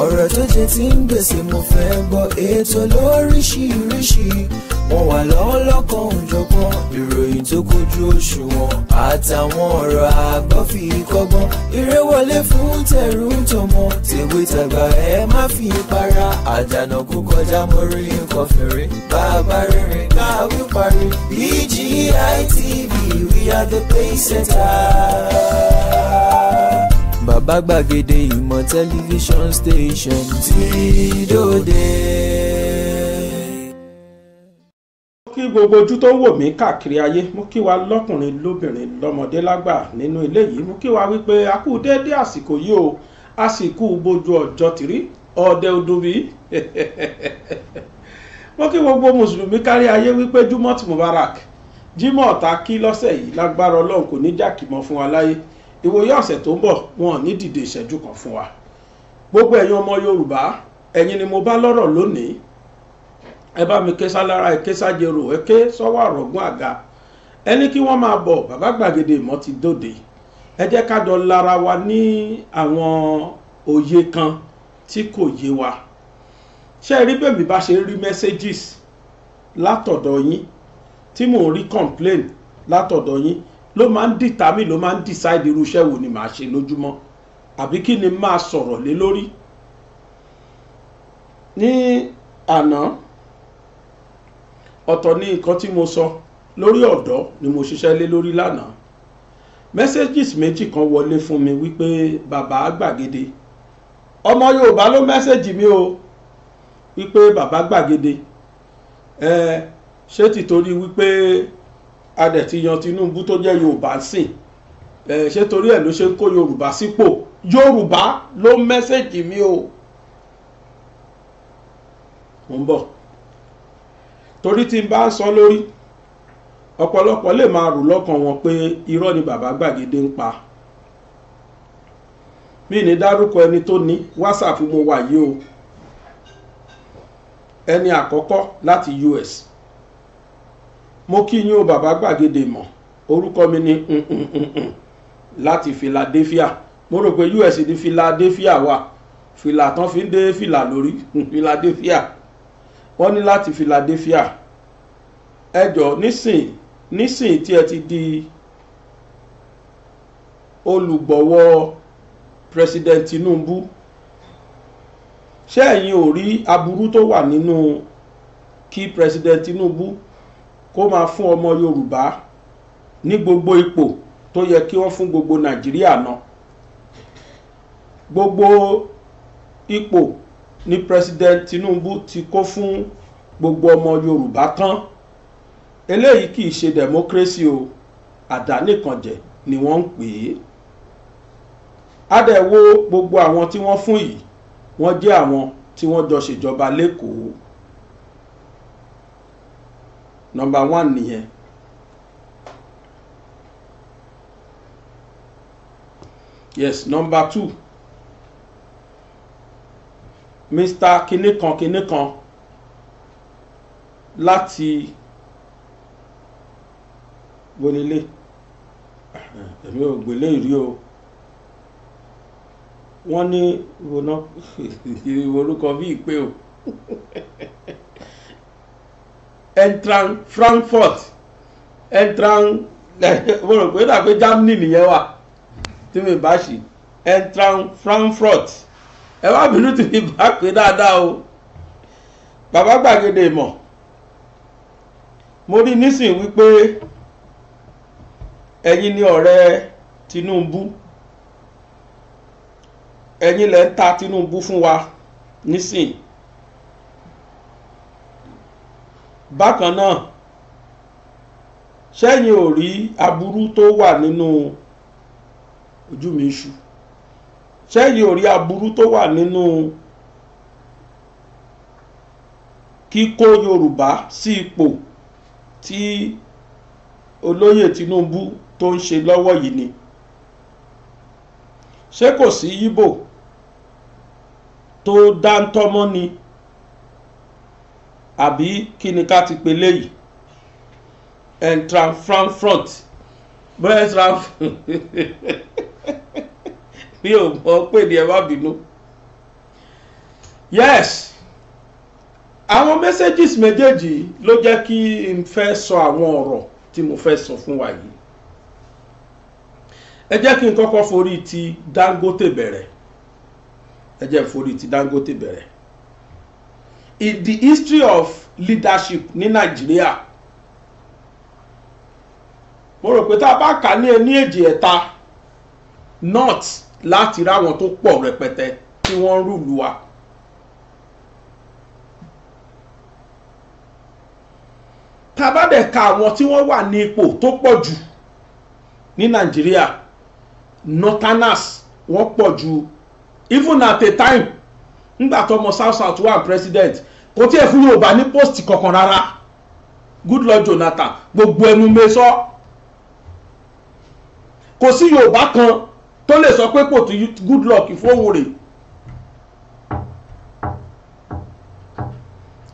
ọ̀rọ̀ tó jẹ ti ń gbèsè mo fẹ́ gbọ́ ètò lóríṣiríṣi wọ́n wà lọ́wọ́ lọ́kàn òjọ̀gbọ́n ìròyìn tó kojú òṣùwọ̀n àtàwọn ọ̀rọ̀ àgbọ́ fi kọ́gbọ́n eré wọlé fún tẹ̀rù tọmọ tèwe tàgbà ẹ má fi para àdànà kó kọjá mọ́rí nǹkan fèrè bàbá rere káwí parí BGI we are the pace setters bàbá gbàgede ìmọ̀ tẹlifíṣọ̀n station ti dòde. mo kí gbogbo ojú tó wò mí káàkiri ayé mo kí wa lọ́kùnrin lóbìnrin lọ́mọdé lágbà nínú ilé yìí mo kí wa wípé a kú déédéé àsìkò yìí o a sì kú bójú ọjọ́ tìrí ọdẹ ọdún bíi mo kí gbogbo mùsùlùmí kárí ayé wípé jumot mubarak jimoh ta kí lọ́sẹ̀ yìí lágbára ọlọ́run kò ní jà fún wa láyé ìwòye ọ̀sẹ̀ tó ń bọ̀ wọn ní dìde ìṣẹ́jú kan fún wa gbogbo ẹ̀yin ọmọ yorùbá ẹ̀yin ni mo bá lọ́rọ̀ lónìí ẹ bá mi ké sálára ẹ ké sájẹrò ẹ ké sọ́wọ́ àrọ̀gún àga ẹni kí wọ́n máa bọ̀ bàbá gbàgede ìmọ̀ ti dòde ẹ jẹ́ ká jọ lára wa ní àwọn òye kan tí kò yé wa ṣé ẹ rí bèbí bá ṣe rí messages látọ̀dọ̀ yín tí mò ń rí complain látọ̀dọ̀ yín ló máa ń determine ló máa ń decide irú iṣẹ́ wo ni màá ṣe lójúmọ́ àbí kí ni máa sọ̀rọ̀ lé lórí ní àná ọ̀tọ̀ ni nǹkan tí mo sọ lórí ọ̀dọ́ ni mo ṣiṣẹ́ lé lórí lánàá messages méjì kan wọlé fún mi wípé bàbá gbàgede ọmọ Yorùbá ló mẹ́sẹ̀jì mi o wípé bàbá gbàgede ẹ ṣé tìtorí wípé. Eh, adẹ̀ ti yan Tinubu tó jẹ́ Yorùbá sìn ṣé torí ẹ̀ ló ṣe ń kó Yorùbá sípò Yorùbá ló mẹ́sẹ̀jì mi o mo ń bọ̀ torí tí n bá sọ lórí ọ̀pọ̀lọpọ̀ lè máa rò lọ́kàn wọn pé irọ́ ni bàbá gbàgede ń pa mi ní dárúkọ ẹni tó ní whatsapp mo wà yìí o ẹni àkọ́kọ́ láti US mo kí yín o bàbá gbàgede mọ̀ orúkọ mi ni láti Philadelphia mo rò pé US ní Philadelphia wà fìlà tán fi ń dé fìlà lórí Philadelphia wọ́n ní láti Philadelphia ẹjọ́ nísìn nísìn tí ẹ ti di olùgbọ̀wọ́ President Tinubu ṣé ẹ̀yin ò rí aburú tó wà nínú kí President Tinubu kó máa fún ọmọ yorùbá ní gbogbo ipò tó yẹ kí wọ́n fún gbogbo nàìjíríà náà gbogbo ipò ni president tinubu ti kó fún gbogbo ọmọ yorùbá tán eléyìí kì í ṣe democracy o àdánìkànjẹ ni wọ́n ń pè é adẹ̀wò gbogbo àwọn tí wọ́n fún yìí wọ́n jẹ́ àwọn tí wọ́n jọ ṣèjọba lẹ́kọ̀ọ́ Number one nìyẹn yes number two mr kinikan kinikan láti wọlélé èmi ò gbélé ìrí o wọ́n ní orúkọ bíi pé o entrant Frankfurt Eintracht mo rò pé Germany nìyẹn wà tí mi bá ṣì Frankfurt ẹ wá bínú tí mi bá pé dáadáa o bàbá gbàgede ẹ̀yin ni ọ̀rẹ́ Tinubu ẹ̀yin ń ta fún wa nísìnyí bákan náà ṣẹ́yìn ò rí aburú tó wà nínú ojú mi ṣu ṣẹ́yìn ò rí aburú tó wà nínú kíkó Yorùbá sí ipò tí olóyè Tinubu tó ń ṣe lọ́wọ́ yìí ni ṣé kò sí Yíbò tó dáńtọ́mọ́ ni àbí kí ni ká ti pe léyìí entranfranfront bóyá entran mi ò mọ̀ pé ni ẹ má bínú yes àwọn messages méjèèjì ló jẹ́ kí n fẹ́ sọ àwọn ọ̀rọ̀ tí mo fẹ́ sọ fún wa yìí ẹ jẹ́ kí n kọ́kọ́ forí ti Dangote bẹ̀rẹ̀ ẹ jẹ́ forí ti Dangote bẹ̀rẹ̀ in the history of leadership ní nàìjíríà mo rò pé tá a bá kà ní ẹni èjì ẹ̀ta north láti ráwọn tó pọ̀ rẹpẹtẹ tí wọ́n rúlu wa. tá a bá dẹ̀ ka àwọn tí wọ́n wà ní ipò tó pọ̀ jù ní nàìjíríà northerners wọ́n pọ̀ jù even at a time nígbà tó ọmọ south south wà president kò tí ẹ fún yorùbá ní post kankan rárá Goodluck Jonathan gbogbo ẹnu mẹsọ kò sí yorùbá kan tó lè sọ pé kò tí Goodluck fóun rè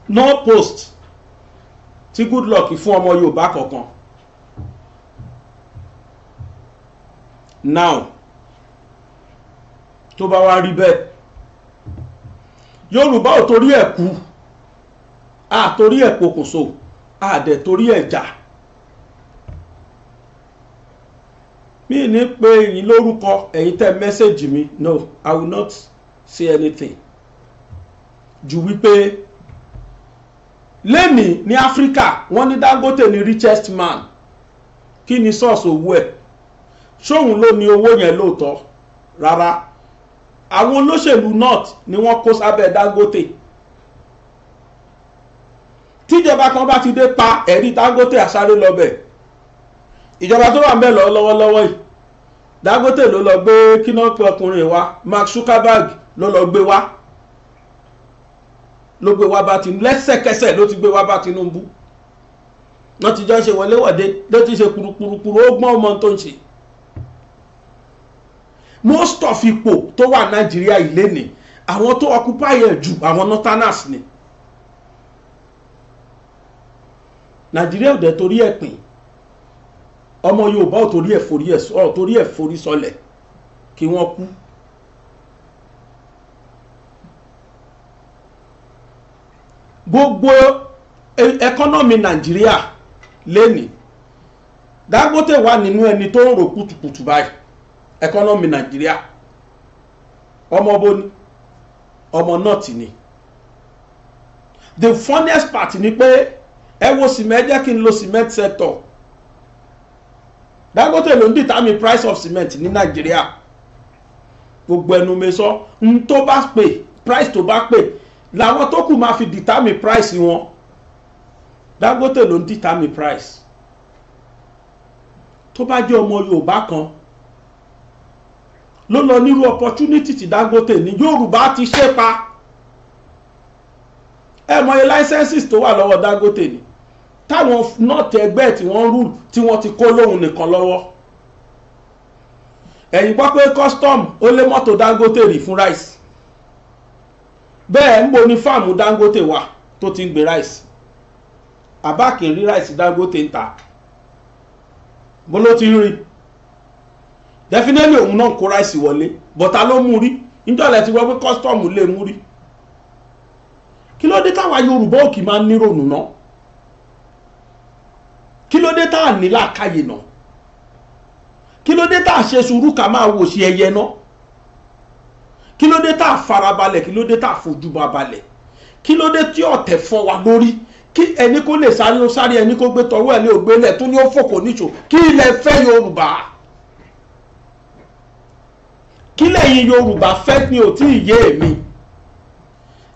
no post tí Goodluck fún ọmọ yorùbá kankan now tó bá wá rí bẹ́ẹ̀ yorùbá ò torí ẹ̀ kú a torí ẹ̀ pokùnso a dẹ̀ torí ẹ̀ jà mi ní pé èyí lórúkọ ẹ̀yin tẹ́ mẹ́sẹ̀gì mi no i will not say anything ju wípé lẹ́nì ní áfíríkà wọ́n ní dangote ni richest man kí ni sọ́ọ̀sì owó ẹ̀ ṣóun ló ní owó yẹn lóòótọ́ rárá àwọn olóṣèlú north ni wọ́n kó sábẹ́ Dangote tíjọba kan bá ti dé pa ẹ̀rí Dangote àsáré lọ́bẹ̀ ìjọba tó wà ń bẹ̀ lọ́wọ́lọ́wọ́ yìí Dangote ló lọ gbé kíná pé ọkùnrin wa Mark Zuckerberg ló lọ gbé wá ló gbé wá bá Tinubu lẹ́sẹ̀kẹsẹ̀ ló ti gbé wá bá Tinubu wọ́n ti jọ ṣe wọléwọ̀de ló ti ṣe kurukuru ó gbọ́n ọmọ tó ń ṣe most of ipò tó wà nàìjíríà ilé ni àwọn tó occupy ẹ̀ jù àwọn northerners ni nàìjíríà ò dẹ̀ torí ẹ̀ pín ọmọ yorùbá ò torí ẹ̀ forí ẹ̀ sọ torí ẹ̀ forí sọlẹ̀ kí wọ́n kú. gbogbo ẹkọ́nọ́mì e, nàìjíríà lẹ́nìí Dangote wà nínú ẹni tó ń rò kùtùkùtù báyìí Economy Nigeria. ọmọ bó ni ọmọ nọ́ọ̀tì ni the funniest part ni pé ẹ wo cement ẹ jẹ́ kí n lo cement sector Dangote ló ń determine price of cement ní Nigeria. gbogbo ẹnu mi sọ n tó bá pè price tó bá pè làwọn tó kù máa fi determine price wọn Dangote ló ń determine price tó bá jẹ́ ọmọ Yorùbá kan ló lọ nírú opportunity tí Dangote ní Yorùbá ti ṣe pa ẹ mọye licenses tó wà lọ́wọ́ Dangote ni táwọn nọ́ọ̀tì ẹgbẹ́ tí wọ́n rúùlù tí wọ́n ti kó lóhun nìkan lọ́wọ́ ẹ̀yìn gbọ́ pé custom ó lé mọ́tò Dangote rì fún rice bẹ́ẹ̀ ń bo ní fáàmù Dangote wà tó ti ń gbé rice àbá kì rí rice Dangote ń ta bó ló ti ń rí i definitely òun náà kó ráìsì wọlé bọ̀tà ló mú rí níjọ́lẹ̀ ti wọ́ pé custom lè mú rí kí ló dé táwa Yorùbá òkì máa ń nírònú náà kí ló dé tá à ní làákàyè náà kí ló dé tá à ṣe sùúrù ká máa wò sí ẹyẹ náà kí ló dé tá à farabalẹ̀ kí ló dé tá à fojúba balẹ̀ kí ló dé tí ọ̀tẹ̀ fọ́ wa lórí kí ẹni kó lè sáré ó sáré ẹni kó gbé tọwọ́ ẹ̀ lé ògbélẹ̀ tó ní ó fòkò níṣò kí ilẹ̀ fẹ́ Yorùbá kí lẹ́yìn yorùbá fẹ́ ni ò tí ì yé mi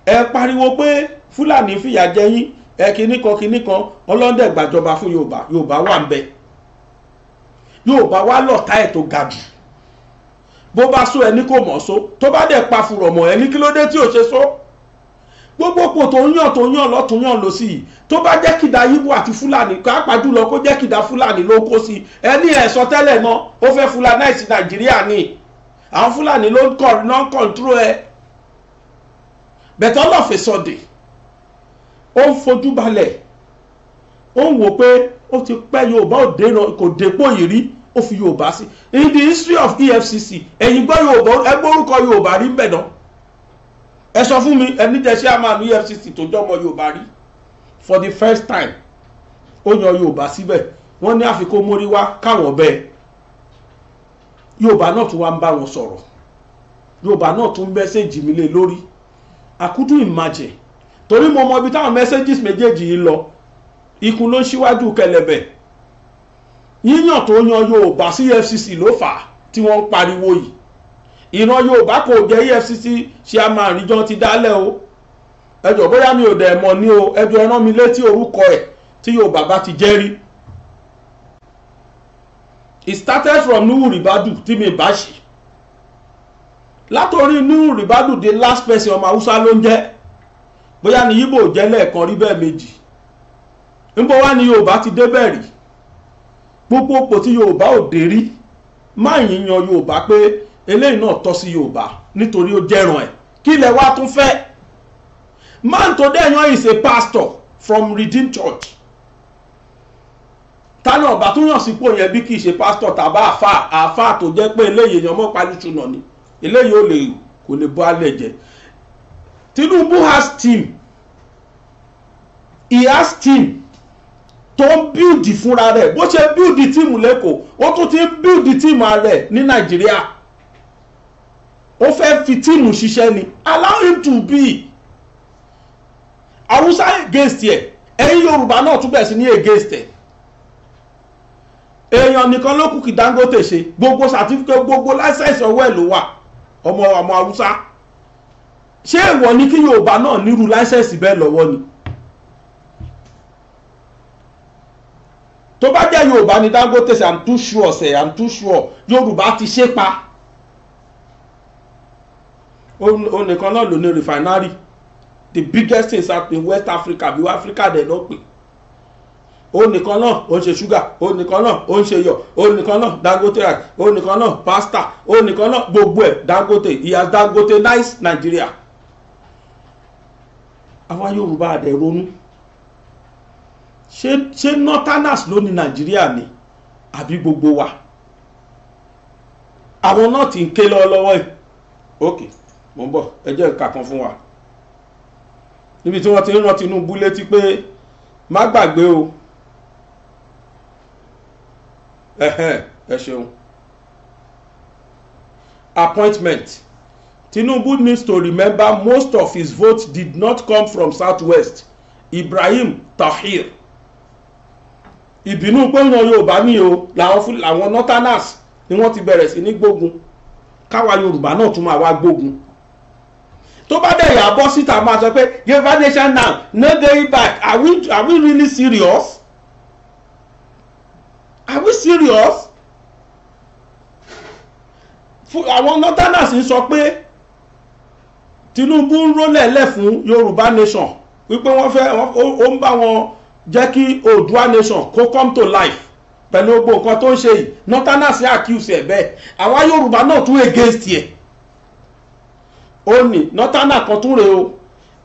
ẹ pariwo pé fúlàní fìyà jẹ yín ẹ kíní kan kíní kan ọlọ́dẹ̀ gbàjọba fún yorùbá yorùbá wà ń bẹ yorùbá wà lọ́tá ẹ̀ tó ga jù bó bá so ẹni kò mọ̀ so tó bá dẹ̀ pa fùrọ̀ mọ̀ ẹni kí ló dé tí ò ṣe so gbogbo pò tó ń yàn tó ń yàn lọ́tún yàn lọ sí i tó bá jẹ́ kìdá yíbo àti fúlàní pàápàá jùlọ kó jẹ́ kìdá fúlàní ló kó sí ẹni ẹ̀ sọ tẹ́lẹ̀ náà ó fẹ́ fúlàní àìsí nàìjíríà ni. Fulani, àwọn fúlàní ló ń kọ̀ náà kọ̀ǹtúrò ẹ̀ bẹ̀tẹ̀ ọlọ́fẹ́ sọ̀dẹ̀ ó ń fojú balẹ̀ ó ń wò pé ó ti pẹ́ yorùbá ò dé kò dépò yìí rí ó fi yorùbá sí in the history of efcc ẹ̀yin gbọ́ yorùbá ẹ gbórúkọ yorùbá rí ń bẹ̀ náà ẹ sọ fún mi ẹni jẹ́ chairman efcc tó jọmọ yorùbá rí for the first time ó yan yorùbá síbẹ̀ wọ́n ní àfikún mórí wá káwọn bẹ́ẹ̀ yorùbá náà tún wá ń bá wọn sọ̀rọ̀ yorùbá náà tún mẹ́sẹ̀gì mi lé lórí I couldn't imagine torí mo mọ ibi táwọn mẹ́sẹ̀gì méjèèjì yìí lọ ikú ló ń ṣíwájú kẹlẹ̀bẹ̀ yíyàn tó yan yorùbá sí EFCC ló fà á tí wọ́n ń pariwo yìí ìran yorùbá kò jẹ́ EFCC ṣe a máa rìn jọ ti dálẹ̀ o ẹjọ́ bóyá mi ò dẹ̀ mọ̀ ní o ẹjọ́ ẹ rán mi létí orúkọ ẹ̀ tí yorùbá bá ti jẹ́ it started from nuhu ribadu tí mi bá ṣe látòrí nuhu ribadu the last person ọmọ haúsá ló ń jẹ́ bóyá ni yíbò jẹ́ lẹ́ẹ̀kan rí bẹ́ẹ̀ méjì níbo wá ni yorùbá ti débẹ̀ rí gbogbo òpò tí yorùbá ò dé rí má yíyan yorùbá pé eléyìí náà tọ́ sí yorùbá nítorí ó jẹ́ràn ẹ̀ kí ilẹ̀ wa tún fẹ́ man tó dẹ̀ yan is a pastor from Redeemed Church tánà ọba tó yàn sípò yẹn bí kì í ṣe pásítọ̀ tàbá àfà àfà tó jẹ́ pé eléyìí èèyàn mọ́ pálíṣùnà ni eléyìí ò lè kò lè bọ́ alẹ́ jẹ Tinubu has team he has team tó ń bíùdì fúnra rẹ̀ bó ṣe bíùdì tíìmù lẹ́kọ̀ọ́ ó tún ti ń bíùdì tíìmù rẹ̀ ní Nàìjíríà ó fẹ́ fi tíìmù ṣiṣẹ́ ni allow him to be Haúsá against ẹ̀ ẹ̀yin Yorùbá náà tún bẹ̀ sí ní against ẹ̀ èèyàn nìkan ló kù kí Dangote ṣe gbogbo certificate gbogbo láìsẹ̀sì ọwọ́ ẹ̀ ló wà ọmọ ọmọ Haúsá ṣé èèwọ̀ ni kí Yorùbá náà nírú láìsẹ̀sì bẹ́ẹ̀ lọ́wọ́ ni tó bá jẹ́ Yorùbá ni Dangote ṣe i'm too sure ṣe i'm too sure Yorùbá ti ṣe pa onìkan náà ló ní refinery the biggest thing in West Africa bí wọ́n Africa dẹ̀ lọ́pẹ́ òun nìkan náà ó ń ṣe ṣúgà òun nìkan náà ó ń ṣe yọ òun náà dangote rice òun náà pasta òun nìkan náà gbogbo ẹ̀ dangote ìyá dangote nice Nigeria àwa Yorùbá àdẹ̀ ronú ṣé northerners ló ní Nàìjíríà ni àbí gbogbo wa àwọn náà ti ń ké lọ́wọ́lọ́wọ́ yìí ok mo ń bọ̀ ẹ jẹ́ ìka kan fún wa níbi tí wọ́n ti ń rán Tinubu létí pé má gbàgbé o ẹ ṣeun appointment Tinubu needs to remember most of his votes did not come from southwest Ibrahim Tahir ìbínú gbóná Yorùbá ní o làwọn làwọn northerners ni wọ́n ti bẹ̀rẹ̀ sí ní gbógun káwa Yorùbá náà tún máa wá gbógun tó bá dẹ̀ yà bọ́ síta máa sọ pé Yorùbá nation now no going back are we, are we really serious? are we serious àwọn northerners ń sọ pé Tinubu ń rólẹ̀ lẹ̀ fún Yorùbá nation wípé wọ́n fẹ́ ó ń bá wọn jẹ́ kí Oòduà nation kó come to life pẹ̀lú gbogbo nǹkan tó ń ṣe yìí northerners ṣe accuse ẹ̀ bẹ́ẹ̀ àwa Yorùbá náà tún against ẹ̀ ó ní northerners kan tún rèé o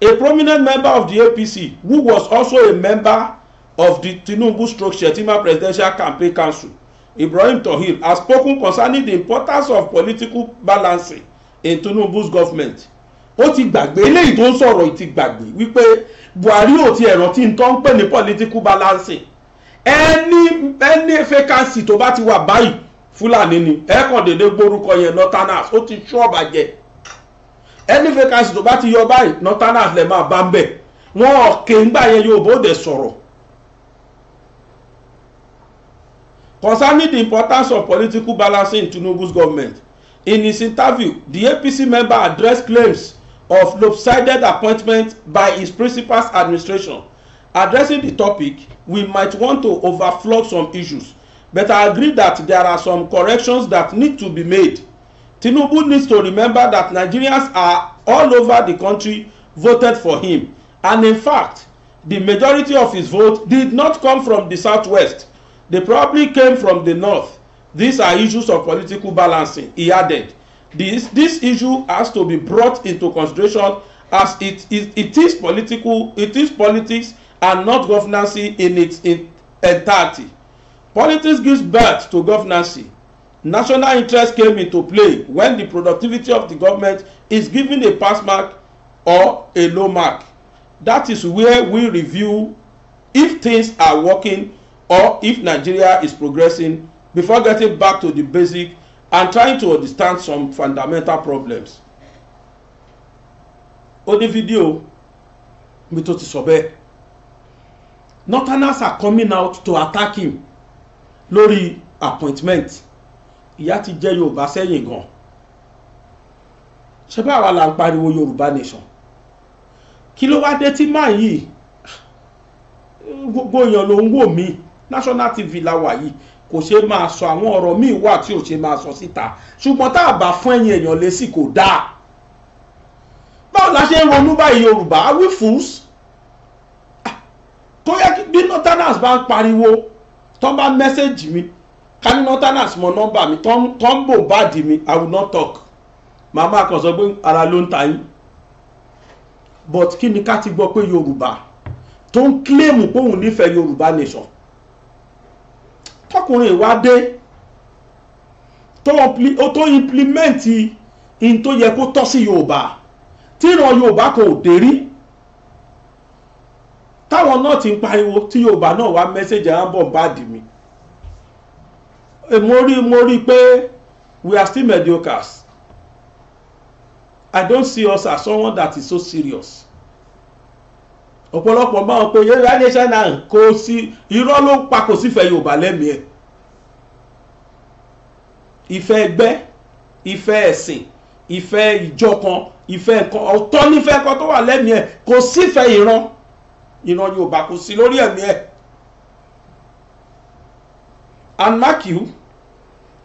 a prominent member of the APC who was also a member of the tinubu structure, shettima presidential campaign council ibrahim tohir has spoken concerning the importance of political balancing in tinubu's government ó ti gbàgbé eléyìí tó ń sọ̀rọ̀ ti gbàgbé wípé buhari ò ti ẹ̀rọ tí n tó ń pè ní political balancing ẹni ẹni vacancy tó bá ti wà báyìí fúlàní ni ẹ kàn déédé gbórúkọ yẹn northerners ó ti ṣọ́ọ̀bà jẹ ẹni vacancy tó bá ti yọ báyìí northerners lè máa bá ń bẹ̀ wọn kéńgbà yẹn yóò bó dẹ̀ sọ̀rọ̀ Concerning the importance of political balancing in Tinubu's government, in his interview, the APC member addressed claims of lopsided appointment by his principal's administration. Addressing the topic, we might want to overflow some issues, but I agree that there are some corrections that need to be made. Tinubu needs to remember that Nigerians are all over the country voted for him, and in fact, the majority of his vote did not come from the southwest They probably came from the north. These are issues of political balancing, he added. This, this issue has to be brought into consideration as it, it, it is political, it is politics and not governance in its in entirety. Politics gives birth to governance. National interest came into play when the productivity of the government is given a pass mark or a low mark. That is where we review if things are working or if Nigeria is progressing before getting back to the basic and trying to understand some fundamental problems. ó video, fídíò mi tó ti sọ bẹ́ẹ̀ northerners are coming out to attack him lórí appointment ìyá ti jẹ́ Yorùbá sẹ́yìn gan ṣe bá àwa là ń pariwo Yorùbá nation kí ló wá dé tí máa yìí gbogbo èèyàn national tv la wà yìí kò ṣe máa sọ àwọn ọ̀rọ̀ míì wà tí ò ṣe máa sọ síta ṣùgbọ́n tá a bá fún ẹ̀yin èèyàn lésì kò dáa báwo la ṣe ń ronú báyìí yorùbá we fools tó yẹ kí bí northerners bá ń pariwo tó bá mẹ́sẹ̀gì mi ká ní northerners mọ nọ́mbà mi tó ń bò báàdì mi i will not talk màmá kan sọ pé ara ló ń ta yín but kí ni ká ti gbọ́ pé yorùbá tó ń kílèmù pé òun nífẹ̀ẹ́ yorùbá nation tọkùnrin wá dé tó implimẹ́ǹtì in tó yẹ kó tọ́ sí yorùbá tí ìran yorùbá kò dé rí táwọn náà ti ń pariwo tí yorùbá náà wá mẹ́sẹ̀jì à ń bọ̀ bá dì mí mo rí mo rí pé we are still mediocres i don't see us as someone that is so serious ọ̀pọ̀lọpọ̀ máa ń pe yorùbá nation náà kò sí irọ́ ló ń pa kò sífẹ̀ẹ́ yorùbá lẹ́mìí ẹ̀ ìfẹ́ ẹgbẹ́ ìfẹ́ ẹ̀sìn ìfẹ́ ìjọkan ìfẹ́ nǹkan ọ̀tọ̀ nífẹ̀ẹ́ kan tó wà lẹ́mìí ẹ̀ kò sífẹ̀ẹ́ ìran ìran Yorùbá kò sí lórí ẹ̀mí ẹ̀ and mark you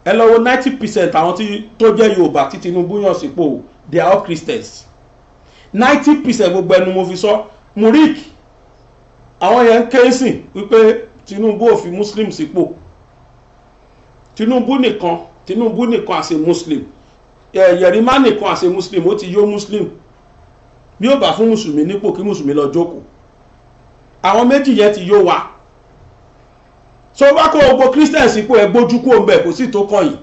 ẹ lọ wo ninety percent àwọn tó jẹ́ Yorùbá tí Tinubu yàn sípò they are all Christians ninety percent gbogbo ẹnu mo fi sọ Murik àwọn yẹn ń ké sìn wípé Tinubu ò fi Muslim sípò Tinubu nìkan Tinubu nìkan as a muslim eh, Yerima nìkan as a muslim ó ti yó muslim bí ó bá fún mùsùlùmí nípò kí mùsùlùmí lọ jókòó àwọn méjì yẹn ti yó wa tó bá kó gbogbo christian sípò ẹ gbójú kó ń bẹ kò sì tó kàn yìí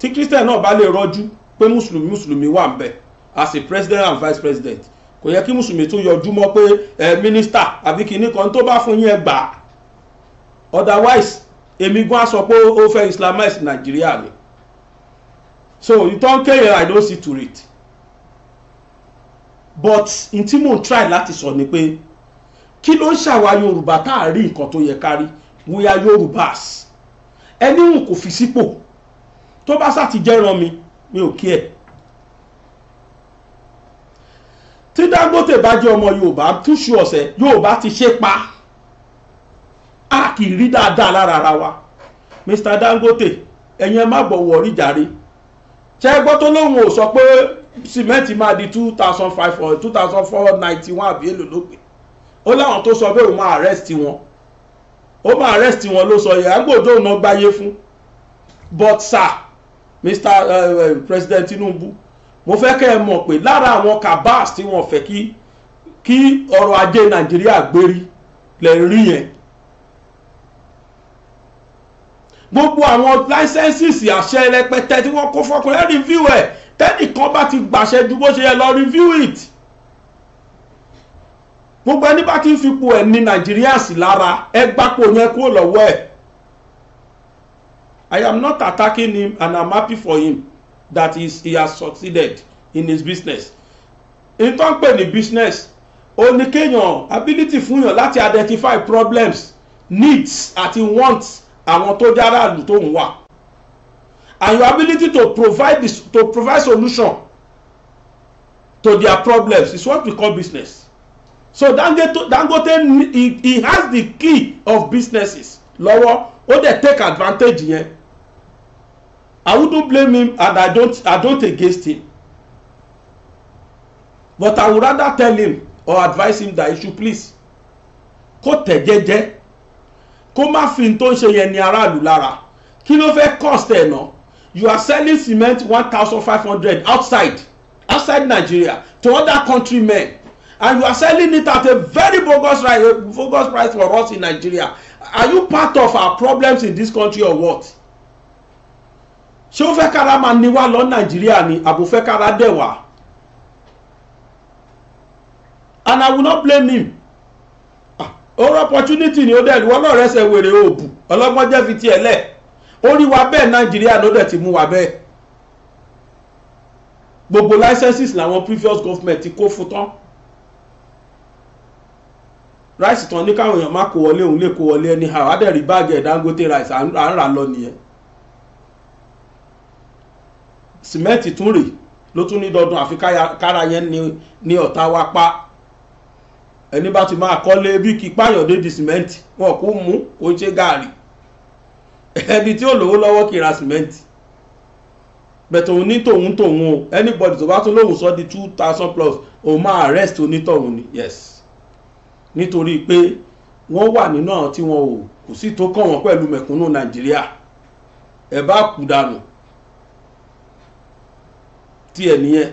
tí christian náà bá lè rọjú pé mùsùlùmí mùsùlùmí wà ń bẹ as a president and vice president kò yẹ kí mùsùlùmí tún yọjú mọ́ pé ẹ eh, mínísítà àbí kìnnìkan tó bá fún yín ẹ gbà otherwise èmi gan á sọ pé ó fẹ́ islamize nàìjíríà ni so ìtàn kéèyàn i don't see to it but n tí mò ń try láti sọ ni pé kí ló ń ṣàwa yorùbá tá a rí nǹkan tó yẹ ká rí we are yorùbás ẹni hùn kò fi sípò tó bá sá ti jẹ́ràn mi mi ò kí ẹ̀ tí dangote bá jẹ́ ọmọ yorùbá túṣu ọ̀sẹ̀ yorùbá ti ṣe pa a kì í rí dáadáa lára ara wa Mr Dangote ẹ̀yin ẹ má gbọ̀wọ̀ rí jàre ṣé ẹ gbọ́ tó lóun ò sọ pé sìmẹ́ǹtì máa di two thousand five or two thousand four ninety one àbí èlò lópin ó láwọn tó sọ pé òun máa arrest wọn ó máa arrest wọn ló sọ yẹ àgbòdo òun náà gbáyé fún but sir Mr uh, eh, uh, eh, President Tinubu mo fẹ́ kẹ́ ẹ mọ̀ pé lára àwọn kabas tí wọ́n fẹ́ kí kí ọrọ̀ ajé Nàìjíríà gbérí lẹ́ rí yẹn gbogbo àwọn láísẹ́ǹsì àṣẹ rẹpẹtẹ tí wọ́n kó fọkùnrin review ẹ̀ tẹ́nìkan bá ti gbàṣẹ ju bó ṣe yẹ lọ review it gbogbo ẹni bá ti ń fipò ẹ̀ ní nàìjíríà sí lára ẹ gbapò yẹn kúrò lọ́wọ́ ẹ̀ I am not attacking him and I'm happy for him that is, he has succeeded in his business in tó ń pè ní business ó ní kéèyàn ability fún yàn láti identify problems needs àti wants àwọn tó jára àlù tó ń wà and your ability to provide this, to provide solution to their problems is what we call business so Dangote Dangote he, he has the key of businesses lọ́wọ́ ó dẹ̀ take advantage yẹn I wouldn't blame him and I don't I don't against him but I would rather tell him or advise him that he should please kó tẹ̀ jẹ́jẹ́ kó má fi tó ń ṣe yẹn ní aráàlú lára kí ló fẹ́ cost ẹ̀ náà you are selling cement one thousand five hundred outside outside Nigeria to other country men, and you are selling it at a very bogus, bogus price for us in Nigeria are you part of our problems in this country or what? ṣé ó fẹ́ kára máa ní wá lọ Nàìjíríà ni àbò fẹ́ kára dẹ̀ wá and I will not blame him ọ̀rọ̀ opportunity ni ó dẹ̀ ìwọ náà rẹ́sẹ̀ wèrè òòbù ọlọ́gbọ́n jẹ́ fi tiẹ̀ lẹ̀ ó rí wa bẹ́ẹ̀ nàìjíríà ló dẹ̀ ti mú wa bẹ́ẹ̀ gbogbo licenses làwọn previous government ti kó fún tán rice tán ní káwọn èèyàn má kó wọlé òun lè kó wọlé anyhow á dẹ̀ rí báàgì ẹ̀ Dangote rice à ń rà lọ nìyẹn sìmẹ́ǹtì tún rèé ló tún ní dandan àfi kára yẹn ní ọ̀tá wa pa ẹni bá ti máa kọ́lé bí kí páyọ̀dé di sìmẹ́ǹtì wọn kò mú kò ṣe gààrí ẹni tí ó lówó lọ́wọ́ kì í ra sìmẹ́ǹtì bẹ̀tẹ̀ òun ní tòun tòun o anybody tó bá tún lóhùn sọ di two thousand plus òun máa arrest onítọ̀hún ni yes nítorí pé wọ́n wà nínú àwọn tí wọn ò kò sí tó kàn wọ́n pẹ̀lú mẹ̀kúnnù nàìjíríà ẹ̀ bá kú dànù tí ẹ̀ nìyẹn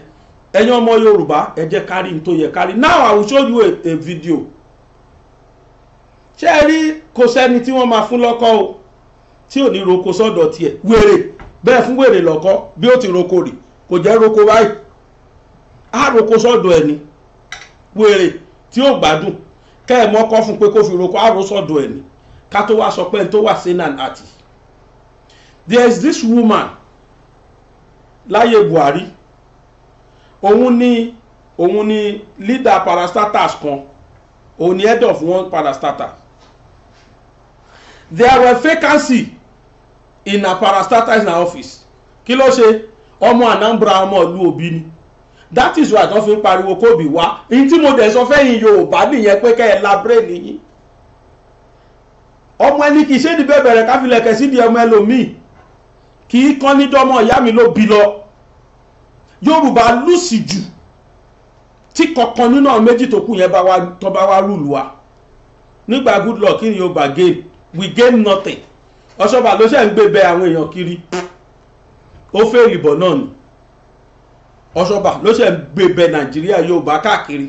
ẹ̀yin ọmọ yorùbá ẹ jẹ́ kárí tó yẹ kárí now i will show you a, a video ṣé ẹ rí kò sẹ́ni tí wọ́n máa fún lọ́kọ o tí ò ní roko sọ́dọ̀ tiẹ̀ wèrè bẹ́ẹ̀ fún wèrè lọ́kọ bí ó ti roko rì kò jẹ́ roko báyìí á roko sọ́dọ̀ ẹni wèrè tí ó gbádùn kẹ́ ẹ̀ mọ́kọ́ fún pé kó fi roko á ro sọ́dọ̀ ẹni ká tó wá sọ pé ẹni tó wà sinan àti there is this woman láyé buhari òun ni òun ni leader parastatals kan òun ni head of one parastatal there were vacancy in her parastatal office kí ló ṣe ọmọ Anambra ọmọ ìlú Òbí ni that is why wọ́n fi ń pariwo kóbi wá ní tí mo dẹ̀ sọ fẹ́yìn Yorùbá nìyẹn pé kẹ́ ẹ labre nìyí ọmọ ẹni kì í ṣe ní bẹ́ẹ̀ bẹ̀rẹ̀ káfílẹ̀ kẹ́sídìí ọmọ ẹlòmíì kì í kán ní dọ́mọ ìyá mi ló bí lọ yorùbá lùsì jù tí kankan nínú àwọn méjì tó kù yẹn tó bá wá rúlu wa nígbà good luck kí ni yorùbá gain we gain nothing ọ̀ṣọ́ba ló ṣe ń gbé bẹ àwọn èèyàn kiri ó fẹ́ ìbọn náà ni ọ̀ṣọ́ba ló ṣe ń gbé bẹ nàìjíríà yorùbá káàkiri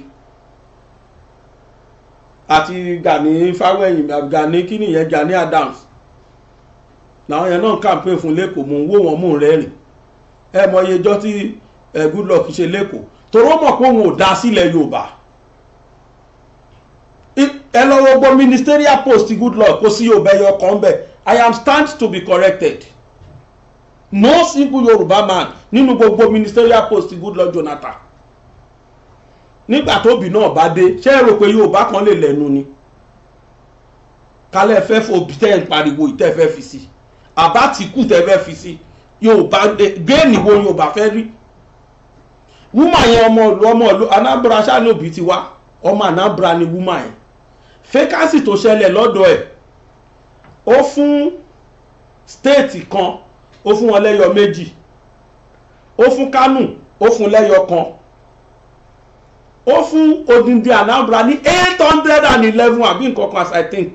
àti Gani Fáwẹ́yìn Gani kíni yẹn Gani Adams làwọn yẹn náà campaign fún lẹ́kọ̀ọ́ mò ń wò wọ́n mò ń rẹ́rìn ẹ mọ iye jọ tí ẹ good luck ṣe lẹ́kọ̀ọ́ toró mọ̀ pé òun ò dá sílẹ̀ yorùbá ẹ lọ gbogbo ministerial post good luck kó sí yorùbá ẹyọ kan bẹ́ẹ̀ i am stand to be corrected no single yorùbá man nínú gbogbo ministerial post good luck jonathan nígbà tóbi náà bá dé ṣé ẹ rò pé yorùbá kan lè lẹ́nu ni kálẹ̀ fẹ́ fòbí tẹ́ ń pariwo ìtẹ́ fẹ́ fi sí àbá tìkú tẹ́ fẹ́ fi sí yorùbá eh, géènì wo yorùbá fẹ́ rí Woman, yẹn ọmọ ìlú ọmọ ìlú Anambra ṣáà ní òbí ti wá ọmọ Anambra ni wúmà yẹn fẹ́kánsì tó ṣẹlẹ̀ lọ́dọ̀ ẹ̀ ó fún stéètì kan ó fún wọn lẹ́yọ méjì ó fún Kánò ó fún lẹ́yọ kan ó fún odindi Anambra ní eight hundred and eleven àbí nǹkan kan as I think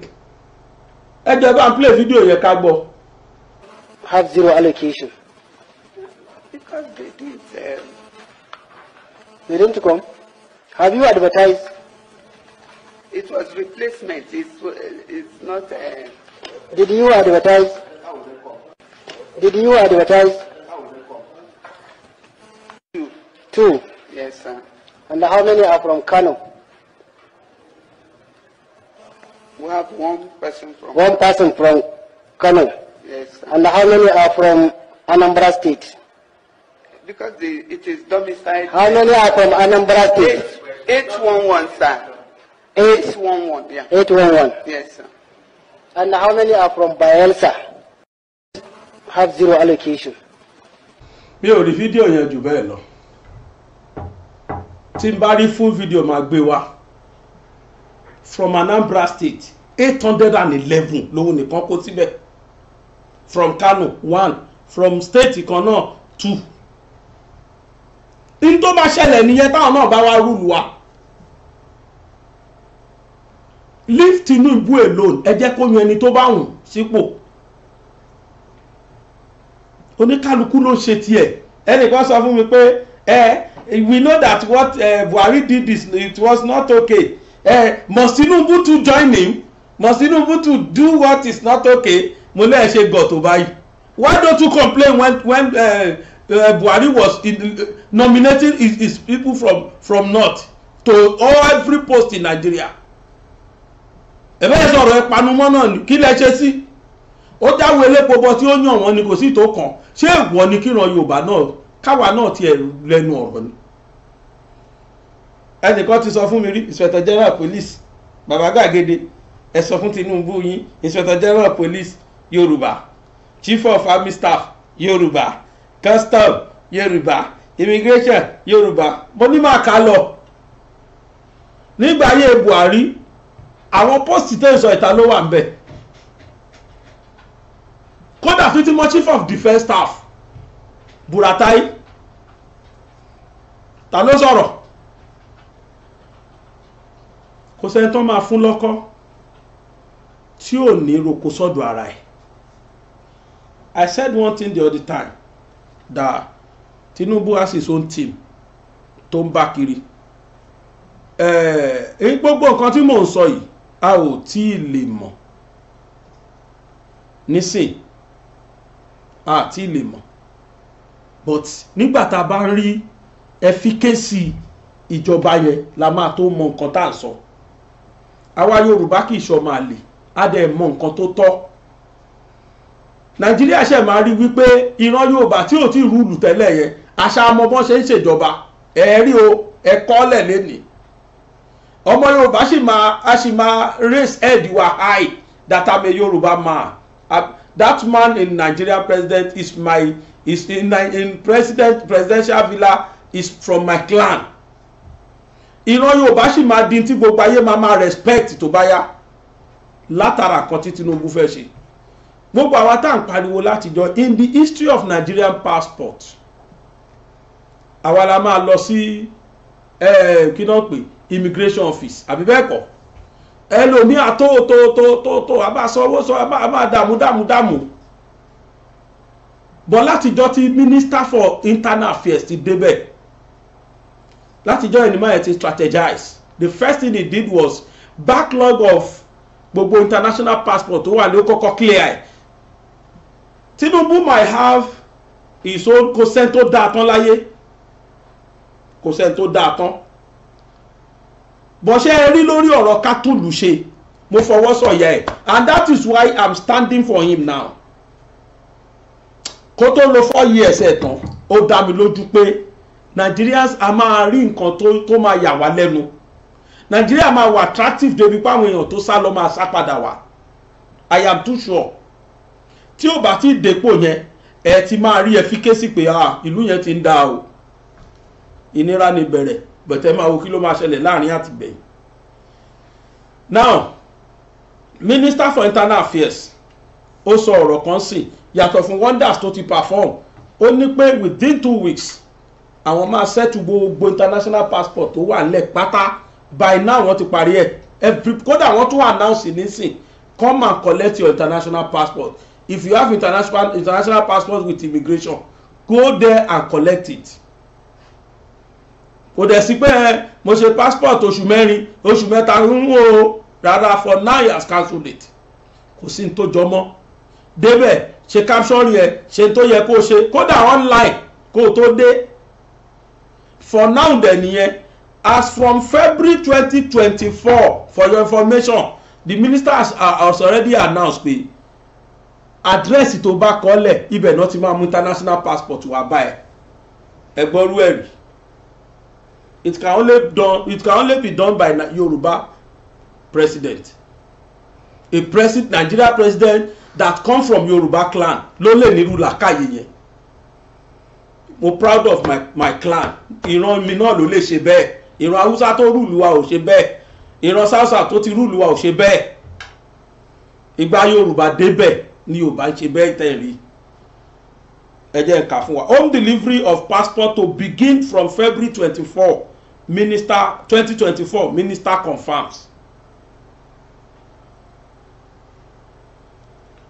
ẹ jẹ́ bá ń play fídíò yẹn ká gbọ́. have zero allocation. because they did. Uh... They didn't come. Have you advertised? It was replacement. It's, it's not. Uh, Did you advertise? Did you advertise? Two. Two? Yes, sir. And how many are from Kano? We have one person from. One person from Kano. Yes, sir. And how many are from Anambra State? because the, it is domiciled. How many are from Anambra State? Eight, 811, sir. Eight, one, one. yeah. 811. Yes, sir. And how many are from Bayelsa? Have zero allocation. Mi ò rí fídíò yẹn jù bẹ́ẹ̀ lọ. Tí n bá full video máa gbé wá. From Anambra State, eight hundred and eleven lòun nìkan kó síbẹ̀. From Kano, one. From state kan náà, two n tó bá ṣẹlẹ̀ nìyẹn táwọn náà bá wá rúlu wa leave Tinubu alone ẹ jẹ́ kó yan ẹni tó bá wù sípò oníkálukú ló ṣe tiẹ̀ ẹnìkan sọ fún mi pé ẹ we know that what uh, Buhari did is it was not okay uh, must Tinubu too join him must Tinubu too do what is not okay mo lẹ́ẹ̀ ṣe gọ̀ tó báyìí why don't you complain when when uh, uh, Buhari was in, uh, nominating his, his people from from north to all every post in Nigeria ẹ̀bẹ́ sọ̀rọ̀ ẹ panumọ́ náà ni kí lẹ ṣe sí ó dáwọ́ elépo bọ́ tí ó yàn wọ́n ni kò sí tó kàn ṣé ìwọ ni kíran Yorùbá náà káwa náà tiẹ̀ lẹ́nu ọ̀rọ̀ ni. ẹnìkan ti sọ fún mi rí inspector general police bàbá Gbàgede ẹ sọ fún Tinubu yín inspector general police Yorùbá chief of army staff Yorùbá custom Yoruba immigration Yoruba mo ní máa kà á lọ nígbà ayé buhari àwọn post tó ìta ló wà ń kódà tún ti mọ chief of defence staff buratai ta ló sọ̀rọ̀ kò sẹ́ni tó máa fún lọ́kọ́ tí ò ní roko sọ́dọ̀ ara ẹ̀ I said one thing the other time dáa Tinubu has his own team tó ń bá kiri ẹ̀ẹ́n eh, gbogbo nǹkan tí mò ń sọ yìí a ò tí ì lè mọ̀ nísìn a tí ì lè mọ̀ but nígbà tá a bá rí efficacy ìjọba yẹn la máa tó mọ nǹkan tá à ń sọ àwa Yorùbá kì í sọ máa lè a dẹ̀ mọ nǹkan tó tọ́ nàìjíríà ṣẹ̀ máa rí wípé ìran yorùbá tí ò tí ì rúlù tẹ́lẹ̀ yẹn àṣà ọmọ bọ́n ṣe ń ṣèjọba ẹ̀ẹ́rí o ẹ̀kọ́ lẹ̀ lẹ́nìí ọmọ yorùbá sì máa a sì máa raise head wa high that I'm a yorùbá man uh, that man in Nigeria president is my is in, in president presidential villa is from my clan ìran yorùbá sì máa di tí gbogbo ayé máa máa respect tó bá yá látara kan tí tinubu fẹ́ ṣe gbogbo àwọn tá à ń pariwo in the history of Nigerian passport àwa la máa lọ sí kí náà pè immigration office àbí bẹ́ẹ̀ kọ́ ẹlòmíà tó tó tó tó tó a máa sanwó sọ a máa dààmú dààmú dààmú bọ́ látijọ́ tí minister for internal affairs ti débẹ̀ látijọ́ ẹni máa ti strategize the first thing he did was backlog of gbogbo international passport tó wà ní ó kọ́kọ́ clear ẹ̀ Tinubu might have his own kò sẹ́ni tó dáa tán láyé kò sẹ́ni tó dáa tán bọ́sẹ̀ rí lórí ọ̀rọ̀ kátólù ṣe mo fọwọ́ sọ̀yà ẹ̀ and that is why I'm standing for him now kó tó lo four years ẹ̀ tán ó dá mi lójú pé Nigerians a máa rí nǹkan tó máa yà wá lẹ́nu Nigeria máa wà attractive débi pé àwọn èèyàn tó sá lọ máa sá padà wá I am too sure tí ò bá ti dépò yẹn ẹ ti máa rí ẹ fi ké sí pé ìlú yẹn ti ń dáa o ìnira ni bẹ̀rẹ̀ bẹ̀tẹ̀ máa wo kí ló máa ṣẹlẹ̀ láàrin àtìgbẹ̀yìn now minister for internal affairs ó sọ ọ̀rọ̀ kan sí yàtọ̀ fún wonders tó ti perform ó ní pé within two weeks àwọn máa ṣẹ́tù gbogbo international passport tó wà nílẹ̀ pátá by now wọ́n ti parí ẹ̀ every kódà wọ́n tún announce nísìn come and collect your international passport if you have international international passport with immigration go there and collect it kò dẹ̀ sí pé eh, mo ṣe passport oṣù mẹ́rin oṣù mẹ́ta ń wo rárá for now he has cancelled it kò sí ní tó jọ mọ́ débẹ̀ ṣe caption yẹ ṣe tó yẹ kó ṣe kódà online kó tó dé for now dẹ̀ nìyẹn as from February twenty twenty four for your information the minister has, already announced pé àdírẹ́sì tó bá kọ́lẹ̀ ibẹ̀ náà ti máa mú international passport wá báyìí ẹgbọ́rú ẹ̀rí it can only done it can only be done by Yoruba president a president Nigeria president that come from Yoruba clan ló lè nírú làkàyè yẹn mo proud of my my clan ìran mi náà ló lè ṣe bẹ́ẹ̀ ìran Haúsá tó rúùlù wa ò ṣe bẹ́ẹ̀ ìran Sáúsà tó ti rúùlù wa ò ṣe bẹ́ẹ̀ ìgbà Yorùbá débẹ̀ ni ò bá ń ṣe bẹ́ẹ̀ tẹ̀rí ẹ jẹ́ fún wa home delivery of passport to begin from February twenty four minister twenty twenty four minister confirms.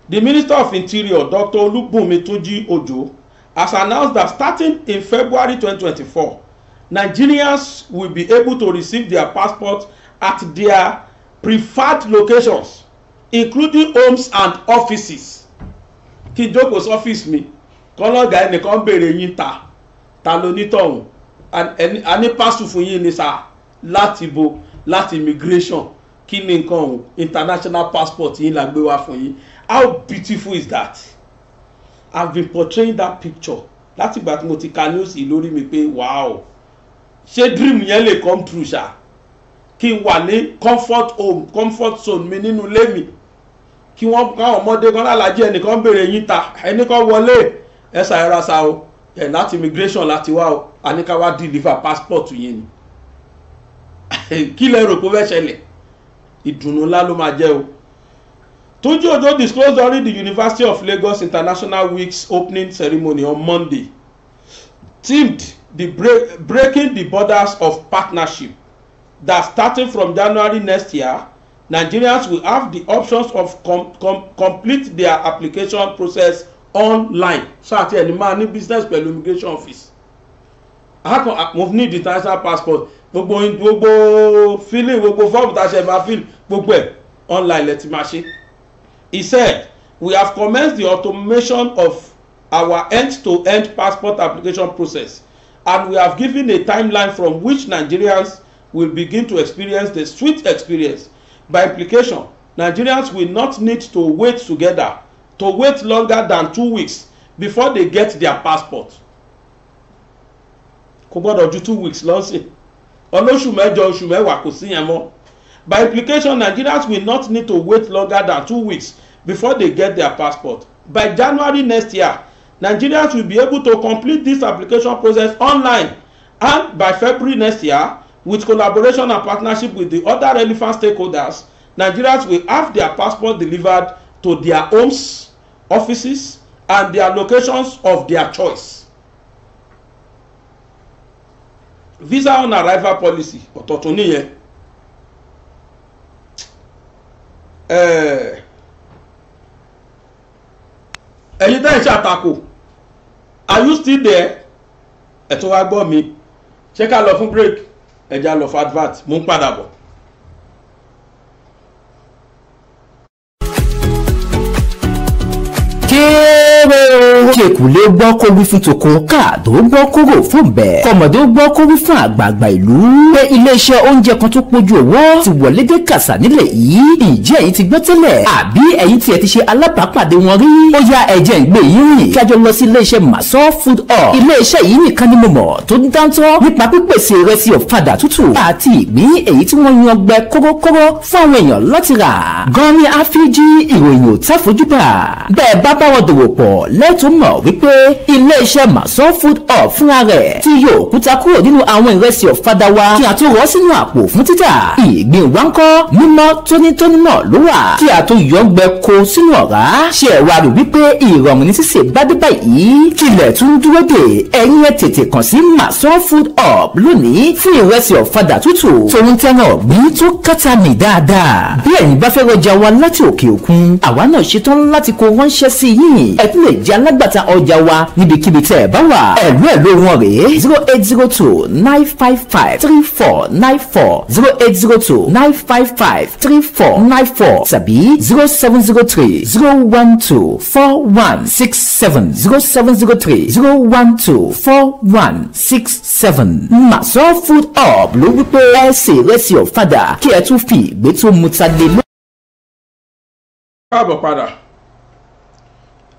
The Minister of Interior, Dr. Olubunmi Tunji Ojo, has announced that starting in February twenty twenty-four, Nigerians will be able to receive their passports at their preferred locations including homes and offices kí n jókòó sí ọ́fíìsì mi kọ́lọ́gà ẹnìkan béèrè yín ta ta ló nítọ̀hún a ní pásù fún yín ní sá láti bo láti immigration kí ni nǹkan ọ̀hún international passport yín la gbé wá fún yín how beautiful is that i have been portraying that picture láti ìgbà tí mo ti ka news yìí lórí mi pé wow ṣé dream yẹn lè come true ṣá kí n wà ní comfort home comfort zone mi nínú ilé mi kí wọ́n káwọn ọmọdé kan lálàájì ẹnìkan ń béèrè yín ta ẹnìkan wọlé ẹ ṣàyẹ̀ra sa o ẹ̀ láti immigration láti wá o àníká wá deliver passport yín ni kí lẹ rò pé ó ìdùnnú ńlá ló máa jẹ́ o Tunji Ojo disclosed during the University of Lagos International Week's opening ceremony on Monday themed the break, breaking the borders of partnership that starting from January next year Nigerians will have the options of com com complete their application process online so àti ẹni máa ní business pẹ̀lú immigration office akọ mo ní the international passport gbogbo gbogbo filling gbogbo form tá a ṣe máa fill gbogbo ẹ̀ online lẹ ti máa ṣe he said we have commenced the automation of our end-to-end -end passport application process and we have given a timeline from which Nigerians will begin to experience the sweet experience By implication, Nigerians will not need to wait together to wait longer than two weeks before they get their passport. Kò gbọ́dọ̀ ju two weeks lọ́sìn. Olóṣù mẹ́jọ oṣù mẹ́wàá kò sí yẹn mọ́. By implication, Nigerians will not need to wait longer than two weeks before they get their passport. By January next year, Nigerians will be able to complete this application process online and by February next year, With collaboration and partnership with the other relevant stakeholders, Nigerians will have their passport delivered to their homes, offices, and their locations of their choice. Visa on arrival policy ọ̀tọ̀tún nìyẹn. Eh, ẹ̀yin tẹ́ ẹ̀ ṣàtakò are you still there? ẹ̀ tó wá gbọ́ mi ṣé ká lọ fún break ẹja lọ fún advert mú padà bọ̀. jẹ́rẹ̀. ṣèkúlé gbọ́ kó wí fún tòkun káàdó gbọ́ kóró fún bẹ́ẹ̀ kọmọdé gbọ́ kó wí fún àgbààgbà ìlú. pé iléeṣẹ́ oúnjẹ kan tó pójú owó ti wọlé dé kàṣà nílẹ̀ yìí ìjẹ́ èyí ti gbọ́ tẹ́lẹ̀ àbí ẹ̀yin tiẹ̀ ti ṣe alábàápàdé wọn rí. ó ya ẹ̀jẹ̀ ń gbé yín rìn kí lọ sí iléeṣẹ́ maso food hall iléeṣẹ́ yìí nìkan ni mo mọ̀ tó ń dáńtọ́ nípa pípèsè ìrẹsì ọ̀fadà tútù àti ìgbín èyí tí wọ́n yan gbẹ kórókóró fún àwọn èèyàn láti rà. gan ni a fi jí ìròyìn ò tẹ́ fojú bà. bẹ́ẹ̀ bá bá bá wọn dòwò pọ̀ lẹ́tọ̀ọ́ mọ̀ wípé iléeṣẹ́ mason food hub fúnra rẹ̀ ti yọ òkúta kúrò nínú àwọn ìrẹsì ọ̀fadà wa kí a tó rọ́ sínú àpò fún títà ìgbín wa ń kọ́ mímọ́ tónítóní náà ló wà kí a tó yọ gbẹ ko sínú ọ̀rá ṣe ẹ̀wà rò wípé ìrọ̀rùn ní sísè bá dé báyìí kílẹ̀ tún dúró dè ẹ̀yin ẹ̀ tètè kàn sí mason food hub lónìí fún ìrẹsì ọ̀fadà tútù tòun tẹ́ràn ọ̀gbìn tó kátà mì dáadáa bí ẹ̀yin bá fẹ́ rọjà wa láti òkè òkun àwa náà ṣetán láti kó ránṣẹ́ sí yìí ẹ tún lè jẹ́ alágbàtà ọjà wa níbikíbi tẹ́ ẹ bá wà ẹ̀lú ẹ̀ ló wọn rèé zero eight zero two nine five five three four nine four zero eight zero two nine five five three four nine four tàbí zero seven zero three zero one two four one six seven zero seven zero three zero one two four one six seven. Maso Food Hub ló wípé ẹ ṣe ìrẹsì ọ̀fadà kí ẹ tún fi ìgbé tó mu ta lé lọ. káàbọ̀ padà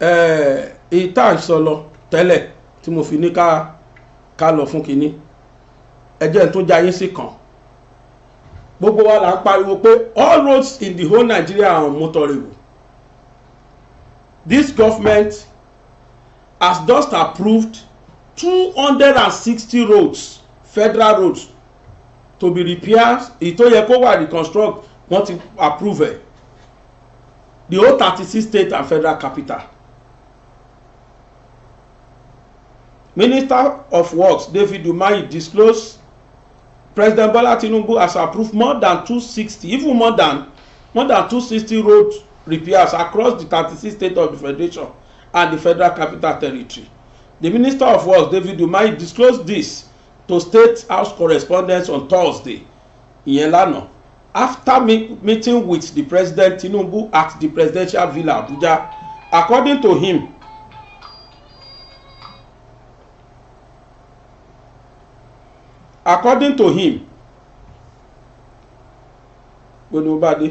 ìta ìsọlọ tẹ́lẹ̀ tí mo fi ní ká ká lọ fún kinní ẹjẹ́ tó já yín sí kan gbogbo wa là ń pariwo pé all roads in the whole Nigeria are motorable this government has just approved two hundred and sixty roads federal roads to be repaired èyí tó yẹ kó wà reconstruct wọ́n ti approve ẹ̀ the whole thirty six states and federal capital Minister of Works David Umahi disclosed President Bola Tinubu has approved more than two sixty, even more than more than two sixty road repairs across the twenty-six states of the Federation and the Federal Capital Territory. The Minister of Works David Umahi disclosed this to State House correspondents on Thursday ìyẹn lánàá after me meeting with the President Tinubu at the Presidential Villa Abuja according to him according to him gbọ́dọ̀ bá dé.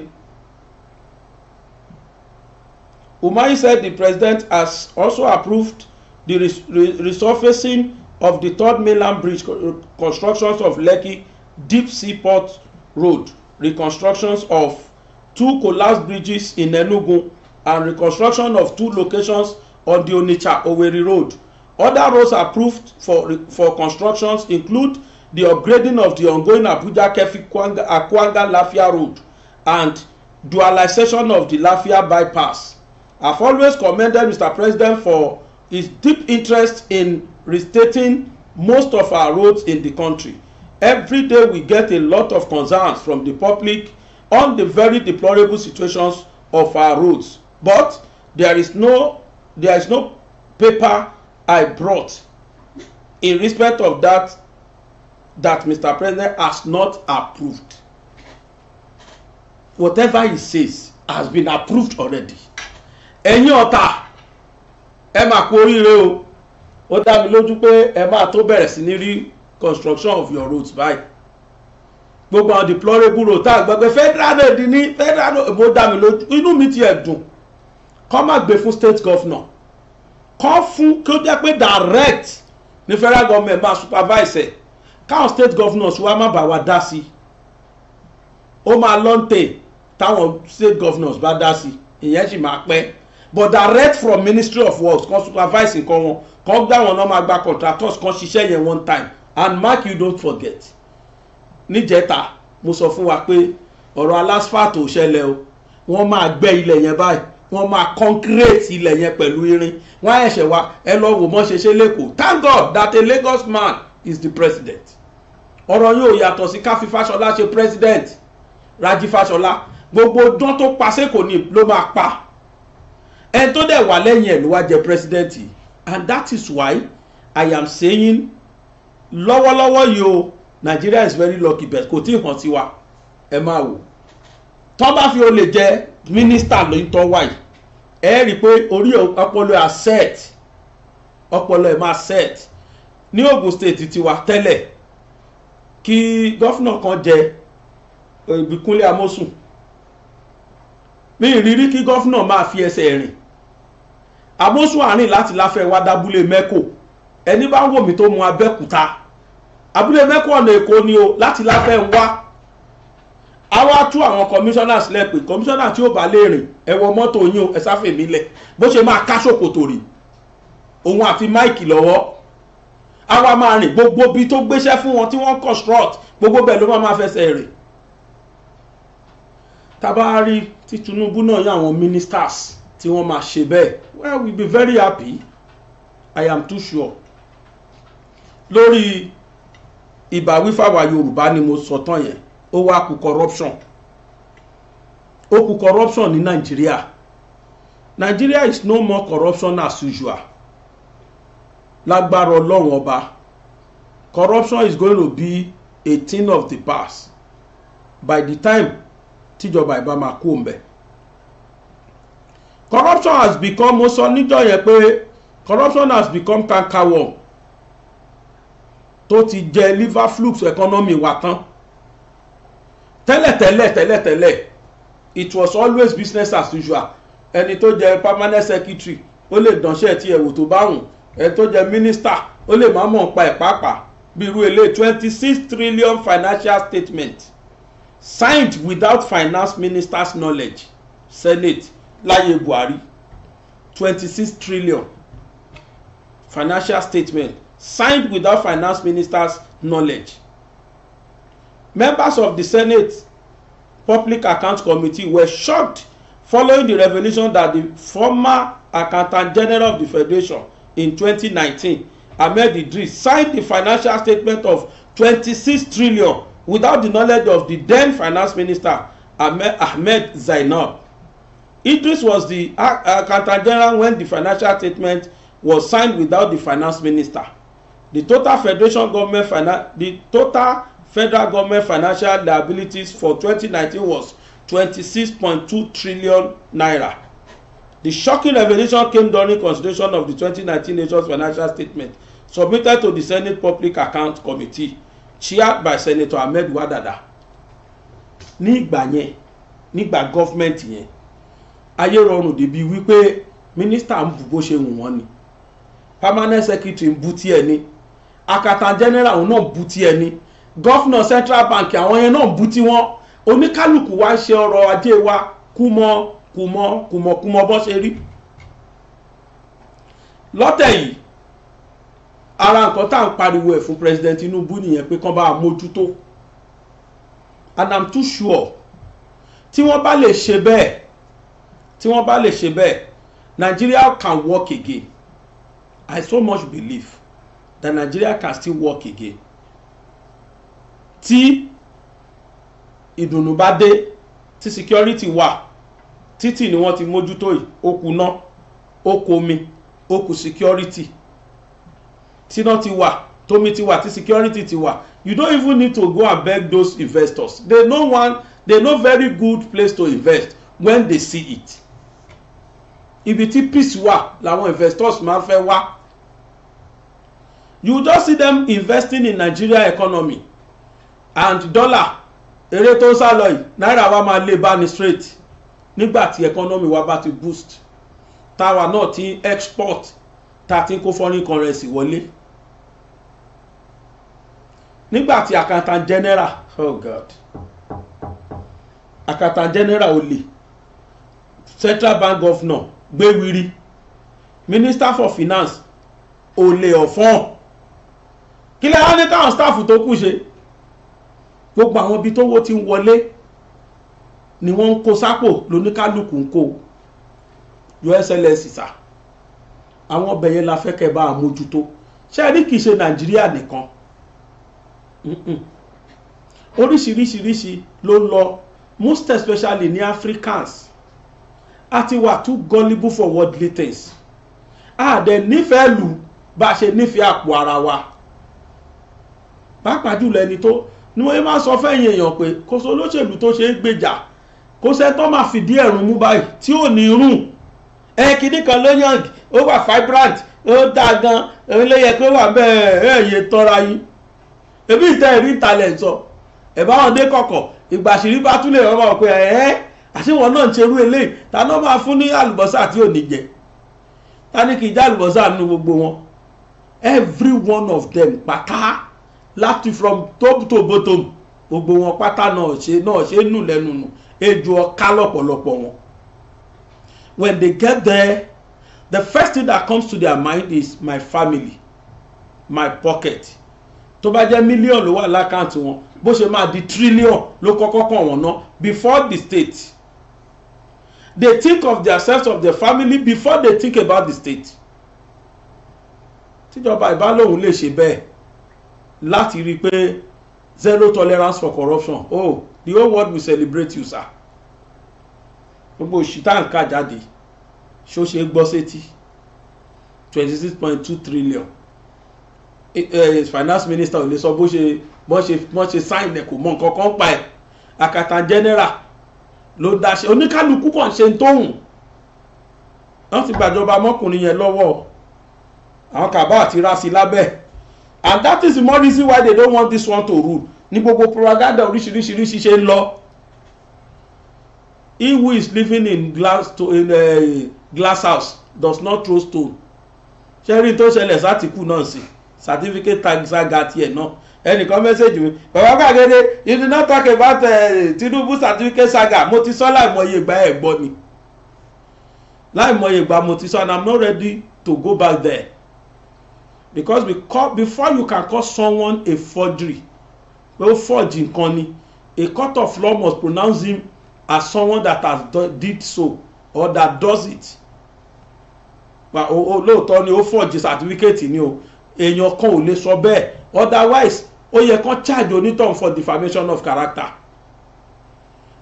Umahi said the president has also approved the resurfacing of the third mainland bridge co constructions of Lekki Deep Seaport Road, reconstructions of two collapsed bridges in Enugu, and reconstruction of two locations on the Onitsha-Owerri Road. Other roads approved for, for constructions include the upgrading of the ongoing abuja kefi akwanga uh, lafia road and dualization of the lafia bypass i've always commended mr president for his deep interest in restating most of our roads in the country every day we get a lot of concerns from the public on the very deplorable situations of our roads but there is no there is no paper i brought in respect of that that Mr. President has not approved. Whatever he says has been approved already. Ẹ̀yin ọ̀tá ẹ máa kú oríire o. Ó dá mi lójú pé ẹ máa tó bẹ̀rẹ̀ sí ní rí construction of your roads báyìí. Gbogbo àwọn deplorable road tá a gbàgbé federal road ní federal road mo dá mi lójú inú mi ti ẹ̀ dùn. Kọ́ máa gbé fún state governor. Kọ́ fún kí ó jẹ́ pé direct ní federal government máa supervise ẹ̀ káwọn state governors wa má bàa wa dá sí ó máa lọ́ǹtẹ̀ táwọn state governors bá dá sí ìyẹn sì máa pẹ́ but direct from ministry of works kan supervise nǹkan wọn kan gbá wọn náà máa gba contractors kan ṣiṣẹ́ yẹn one time and mark you don't forget níjẹta mo sọ fún wa pé ọ̀rọ̀ aláspàtò ṣẹlẹ̀ o wọ́n máa gbẹ́ ilẹ̀ yẹn báyìí wọ́n máa concrete ilẹ̀ yẹn pẹ̀lú irin wọ́n á ẹ̀ṣẹ̀ wa ẹ lọ wò mọ́ ṣe ṣe lẹ́kọ̀ọ́ thank God that a Lagos man is the president ọ̀rọ̀ yóò yàtọ̀ sí káfí fáṣọlá ṣe president rájí fáṣọlá gbogbo dán tó pa sẹ́kọ̀ọ́ ni ló máa pa ẹni tó dẹ̀ wà lẹ́yìn ẹ̀ ló wá jẹ president and that is why i am saying lọ́wọ́lọ́wọ́ yìí o nigeria is very lucky but kò tí ì hàn sí wa ẹ máa wò tọ́ bá fi olè jẹ mínísítà ló ń tọ́ wáyìí ẹ rí i pé orí ọpọlọ ẹ̀ set ọpọlọ ẹ̀ máa set ní Ògùn state tiwa tẹ́lẹ̀ kí gọ́fìnà kan jẹ Ìbíkúnlé eh, Amósùn mi ìrírí kí gọ́fìnà máa fi ẹsẹ̀ rìn Amósùn àárín láti láfẹ́ wá dábúlé mẹ́kò ẹni bá ń wò mí tó mu Abẹ́òkúta abúlé mẹ́kò ọ̀nà Èkó ni o láti láfẹ́ ń wá a wá tú àwọn commissioners lẹ́pẹ́ commissioner tí ó bá lè rìn ẹ wọ mọ́tò yín o ẹ sáfẹ́ mi lẹ̀ bó ṣe máa ká ṣòkòtò rì òun àti Mike lọ́wọ́ á máa rìn gbogbo ibi tó gbéṣẹ́ fún wọn tí wọ́n construct gbogbo bẹ́ẹ̀ ló máa máa fẹsẹ̀ rìn tabari tí Tinubu náà yá àwọn ministers tí wọ́n máa ṣe bẹ́ẹ̀ well we be very happy I am too sure lórí ìbáwí fáwa Yorùbá ni mo sọ tán yẹn ó wá kú corruption ó kú corruption ní Nàìjíríà Nigeria is no more corruption as usual lágbára ọlọ́run ọba corruption is going to be a thing of the past by the time tíjọba ìbá máa kú òun corruption has become mo sọ níjọ́ yẹn pé corruption has become cankerworm tó ti jẹ liver flux economy wa tán tẹ́lẹ̀tẹ́lẹ̀ tẹ́lẹ̀tẹ́lẹ̀ it was always business as usual ẹni tó jẹ permanent secretary ó lè dánṣẹ́ tí ẹ̀wò tó bá wùn ẹ tó jẹ mínísítà ó lè má mọ̀ pa ẹ̀ bí irú èlé twenty six trillion financial statement signed without finance minister's knowledge senate láyé buhari twenty six trillion financial statement signed without finance minister's knowledge members of the senate public account committee were shocked following the revelation that the former accountant general of the federation in 2019 ahmed idris signed the financial statement of 26 trillion without the knowledge of the then finance minister ahmed zainab idris was the accountant general when the financial statement was signed without the finance minister the total federation government finan the total federal government financial liabilities for 2019 was 26.2 trillion naira The shocking revelation came during consideration of the 2019 nation's financial statement submitted to the Senate Public Account Committee chaired by Senator Ahmed Wadada. Ní ìgbà yẹn nígbà gọ́fmẹ̀ntì yẹn ayé rọrùn débi wípé mínísítà ń bù bó ṣe wù wọ́n ni permanent secretary ń bú tí ẹ ní akatan general òun náà ń bú ẹ ní gọ́fúnà central bank àwọn yẹn náà ń bú tí wọ́n oníkálukú wa ṣe ọrọ̀ ajé wa kú mọ́ kùmọ̀ kùmọ̀kùmọ̀ bọ́ ṣe rí lọ́tẹ̀ yìí ara nǹkan tá à ń pariwo ẹ̀ fún president Tinubu nìyẹn pé kán bá mójútó and i'm too sure tí wọ́n bá lè ṣe bẹ́ẹ̀ tí wọ́n bá lè ṣe bẹ́ẹ̀ Nigeria can work again i so much believe that Nigeria can still work again tí ìdùnnú bá dé tí security wà títì ni wọ́n ti mójútó yìí ó kù náà ó omi ó security tíná ti wà tómi ti wà tí security ti wà you don't even need to go and beg those investors they know one they know very good place to invest when they see it ibi tí peace wà làwọn investors máa ń fẹ́ wá you just see them investing in Nigeria economy and dollar èrè tó ń sá lọ yìí náírà wa máa lè bá ní straight nígbà tí economy wa bá ti boost táwa náà ti export ta ti kó foreign currency wọlé nígbà tí accountant general oh god accountant general olè central bank governor gbéwiri minister for finance olè ọ̀fọ́n kí lẹ́yìn á ní káwọn staff tó kù ṣe gbogbo àwọn ibi tó wó ti ń wọlé ni wọ́n ń kó sápò lóníkálukú ń kó USLS sà àwọn ọbẹ̀ yẹn la fẹ́ kẹ́ bá a mójútó ṣé ẹni kì í ṣe Nàìjíríà nìkan oríṣiríṣiríṣi ló ń lọ most especially ní Africans a ti wà too gullible for worldly things a dẹ̀ nífẹ̀ẹ́ lù bá a ṣe nífẹ̀ẹ́ àpò ara wa pàápàá jùlọ ẹni tó ni wọ́n máa sọ fẹ́yìn èèyàn pé kò sọ olóṣèlú tó ṣe é gbèjà kò sẹ́ tó máa fìdí ẹ̀rùn mú báyìí tí ò ní rùn ẹ kìíní kan ló yàn ó wà vibrant ó dáa gan òun ló yẹ kó wà bẹ́ẹ̀ ẹ̀ yẹ tọ́ra yín ebi ìtẹ́ ẹ̀rí ìtàlẹ̀ sọ ẹ̀ bá wọn dé kọ̀kọ̀ ìgbà àṣírí bá tún lè rọ́ wọn pé ẹ̀ àṣìwọ̀n náà ń ṣerú eléyìí ta ló máa fún ní àlùbọ́sà tí ò ní jẹ ta ní kì í já àlùbọ́sà nínú gbogbo wọn every one of them pátá láti from top to bottom gbogbo wọn pátá náà ṣe náà ṣe nù lẹ́nu nù ejò ọ̀ka lọ́pọ̀lọpọ̀ wọn when they get there the first thing that comes to their mind is my family my pocket tó bá jẹ́ mílíọ̀nù ló wà lákàntì wọn bó ṣe máa di trillion ló kọ́kọ́ kàn wọ́n ná before the state they think of their sense of their family before they think about the state tíjọba ìbálòhùn lè ṣe bẹ́ẹ̀ láti rí i pé zero tolerance for corruption oh the whole world will celebrate you sir gbogbo òṣìṣẹ́ ká jáde ṣó ṣe gbọ́ sétí twenty six point two trillion eh, eh, finance minister ò lè sọ bó ṣe bó ṣe bó ṣe sign ẹ̀ kò mọ nǹkan kan pa ẹ̀ akata general ló dáṣe oníkálukú kàn ṣe ń tóhùn wọ́n ti gbàjọba mọ́kùnrin yẹn lọ́wọ́ àwọn kàbá àti rásì lábẹ́ and that is the more reason why they don't want this one to rule ní gbogbo propaganda oríṣiríṣiríṣi ṣe ń lọ he who is living in glass to in a eh, glass house does not throw stone ṣẹ́rí tó ṣẹlẹ̀ sátìkù náà sí certificate tag saga tiẹ̀ náà ẹnìkan mẹ́sẹ̀jì mi bàbá gbàgede you do not talk about eh, Tinubu certificate saga mo ti sọ láìmọye ìgbà ẹ̀ gbọ́ ni láìmọye ìgbà mo ti sọ and am not ready to go back there because because before you can call someone a forgery pé ó forge nǹkan ni a court of law must pronounce him as someone that has did so or that does it lóòótọ́ ni ó forge certificate ni o èèyàn kan ò lè sọ bẹ́ẹ̀ otherwise ó yẹ kán charge onítọ̀hún for defamation of character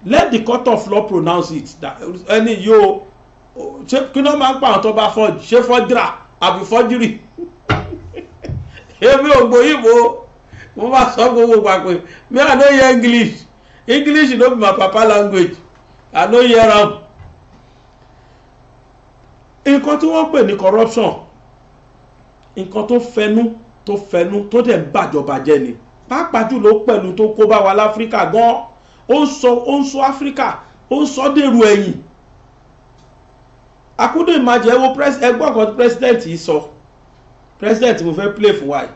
let the court of law pronounce it ẹni yóò ṣe kí ló máa ń pa àwọn tó bá forge ṣe fọ́jìrà àbí fọ́jìrì èmi ò gbòyìnbó mo ma sọ gbogbo papẹ me i no hear english english no be my papa language i no hear am nǹkan tí wọ́n pè ní corruption nǹkan tó fẹnu tó fẹnu tó dẹ̀ ń bàjọba jẹ́ ni pàápàá jùlọ pẹ̀lú tó kó bá wa láfíríkà gan ó ń sọ ó ń sọ áfíríkà ó ń sọ dèrò ẹ̀yìn akudo imajẹ wo ẹgbọ́n kan president yìí sọ president mo fẹ́ play fún wa yìí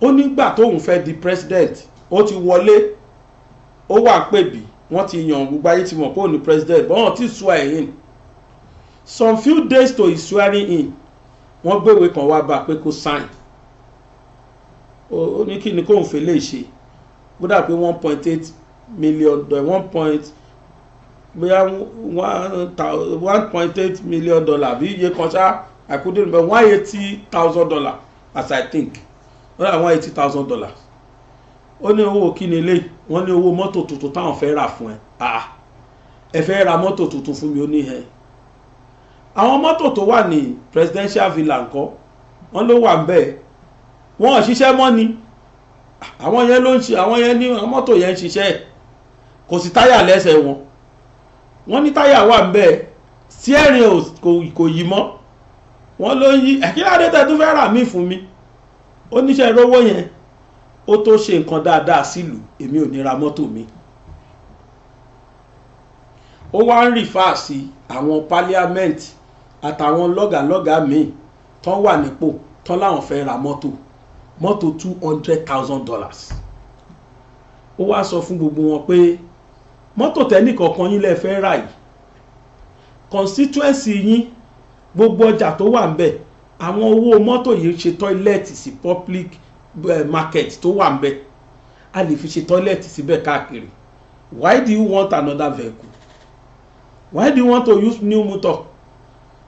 ó nígbà tóun fẹ́ di president ó ti wọlé ó wà pèbí wọ́n ti yan gbogbo ayé ti mọ̀ pé òun president bọ́n ti swear in. some few days to his swearing in wọ́n gbéwé kan wá bá a pé kó sign ó ní kí ni kóun fẹ́ lè ṣe gbọ́dọ̀ pé one point eight million dollar one point bóyá one point eight million dollar bí iye kan ṣá I couldn't remember one eighty thousand dollar as I think wọ́n rà wọ́n eighty thousand dollars ó ní owó kíni ilé wọ́n ní owó mọ́tò tuntun táwọn fẹ́ rà fún ẹ ẹ fẹ́ ra mọ́tò tuntun fún mi ó ní ẹ àwọn mọ́tò tó wà ní presidential villa ńkọ́ wọ́n ló wà bẹ́ẹ̀ wọ́n ò ṣiṣẹ́ mọ́ ni àwọn yẹn ló ń ṣe àwọn yẹn ní mọ́tò yẹn ń ṣiṣẹ́ kò sí táyà lẹ́sẹ̀ wọn wọ́n ní táyà wà bẹ́ẹ̀ steering kò yí mọ́ wọ́n ló ń yí ẹ̀kí ládé tẹ́ tún fẹ́ rà mí fún mi. Fumi oníṣẹ́ ìrówó yẹn ó tó ṣe nǹkan dáadáa sílùú èmi ò ní ra mọ́tò mi ó wá ń rìfà sí àwọn parliament àtàwọn lọ́gàlọ́gà míì tán wà nípò tán láwọn fẹ́ ra mọ́tò mọ́tò two hundred thousand dollars ó wá sọ fún gbogbo wọn pé mọ́tò tẹ́nì kọ̀ọ̀kan yín lẹ fẹ́ rà yìí constituency yín gbogbo ọjà tó wà ń bẹ̀ àwọn owó mọ́tò yìí ṣe tọ́ílẹ̀tì sí public eh, market tó wà ńbẹ̀ a lè fi ṣe tọ́ílẹ̀tì síbẹ̀ káàkiri why do you want another vehicle why do you want to use new motor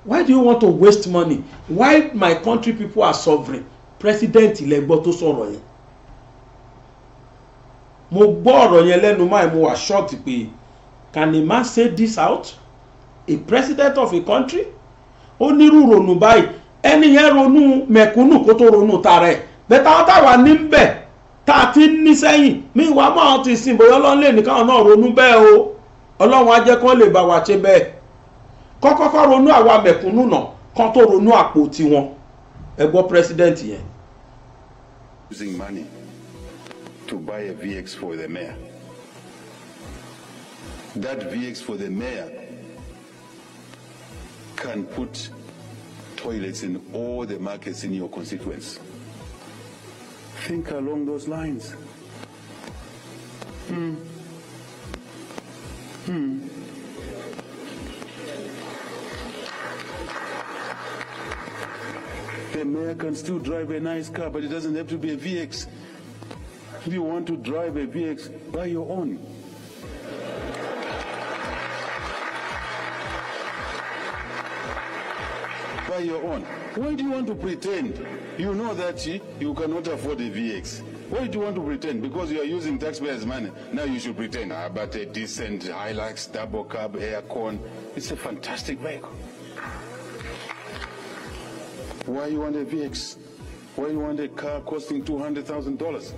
why do you want to waste money why my country people are sovereign president ilẹ̀ gbọ́ tó sọ̀rọ̀ yẹn mo gbọ́ ọ̀rọ̀ yẹn lẹ́nu máa mo wà shocked pé can a man say this out a president of a country ó nírú rònú báyìí ẹni yẹn ronú mẹ̀kúnnù kó tó ronú tara ẹ̀ bẹ́tà táwa ní bẹ̀ tá a ti ní àwọn ti sìn bóyá ọlọ́run lè ní káwọn náà ronú bẹẹ o ọlọ́run á kọ lè bá wa ṣe bẹ́ẹ̀ kọ́kọ́kọ́ ronú àwa mẹ̀kúnnù ronú àpò tiwọn ẹ yẹn. to buy a VX for the mayor. That toilets in all the markets in your constituents. Think along those lines. Hmm. Hmm. The mayor can still drive a nice car, but it doesn't have to be a VX. If you want to drive a VX, buy your own. buy your own. Why do you want to pretend you know that you cannot afford a VX? Why do you want to pretend? Because you are using taxpayers' money. Now you should pretend. Ah, but a decent Hilux, double cab, aircon. It's a fantastic vehicle. Why you want a VX? Why you want a car costing $200,000?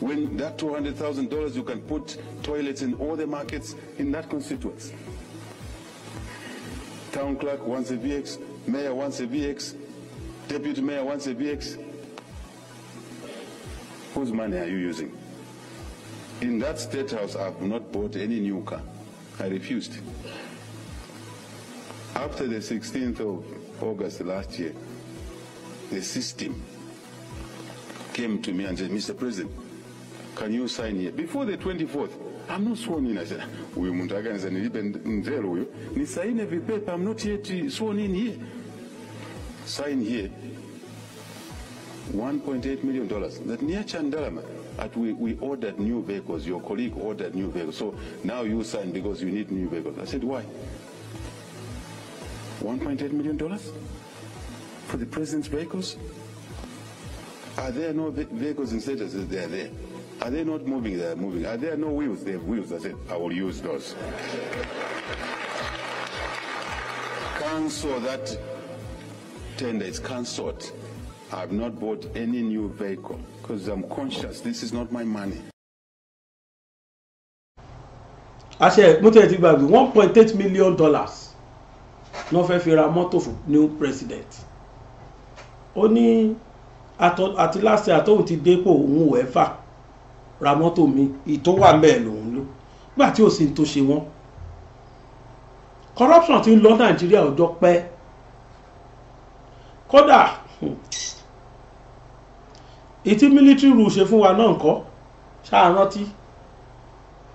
When that $200,000 you can put toilets in all the markets in that constituency. Town clerk wants a VX, mayor wants a VX, deputy mayor wants a VX. Whose money are you using? In that state house, I've not bought any new car. I refused. After the 16th of August last year, the system came to me and said, Mr. President, can you sign here? Before the 24th, I'm not sworn in. I said, huyu muntu akanisa nilipe mzelo I'm not yet sworn in here sign here $1.8 million. That near Chandalama, that we, we ordered new vehicles. Your colleague ordered new vehicles. So now you sign because you need new vehicles. I said, why? $1.8 million for the president's vehicles? Are there no vehicles in status? They are there. Are they not moving? They are moving. Are there no wheels? They have wheels. I said, I will use those. Council that tender is cancelled. I've not bought any new vehicle because I'm conscious this is not my money. àṣẹ mọ́tò ẹ̀ ti gbàgbé one point eight million dollars náà fẹ́ fi ra mọ́tò fún new president ó ní àti láti àtọ́hùn ti dépò òun ò ẹ́fà ra mọ́tò mi ìtò wà mẹ́ẹ̀ lòun ló nígbà tí ò sí ní tó ṣe wọ́n corruption ti ń lọ Nàìjíríà ọjọ́ pẹ́ẹ́ kódà ìtí military rule ṣe fún wa náà kọ́ ṣáà rántí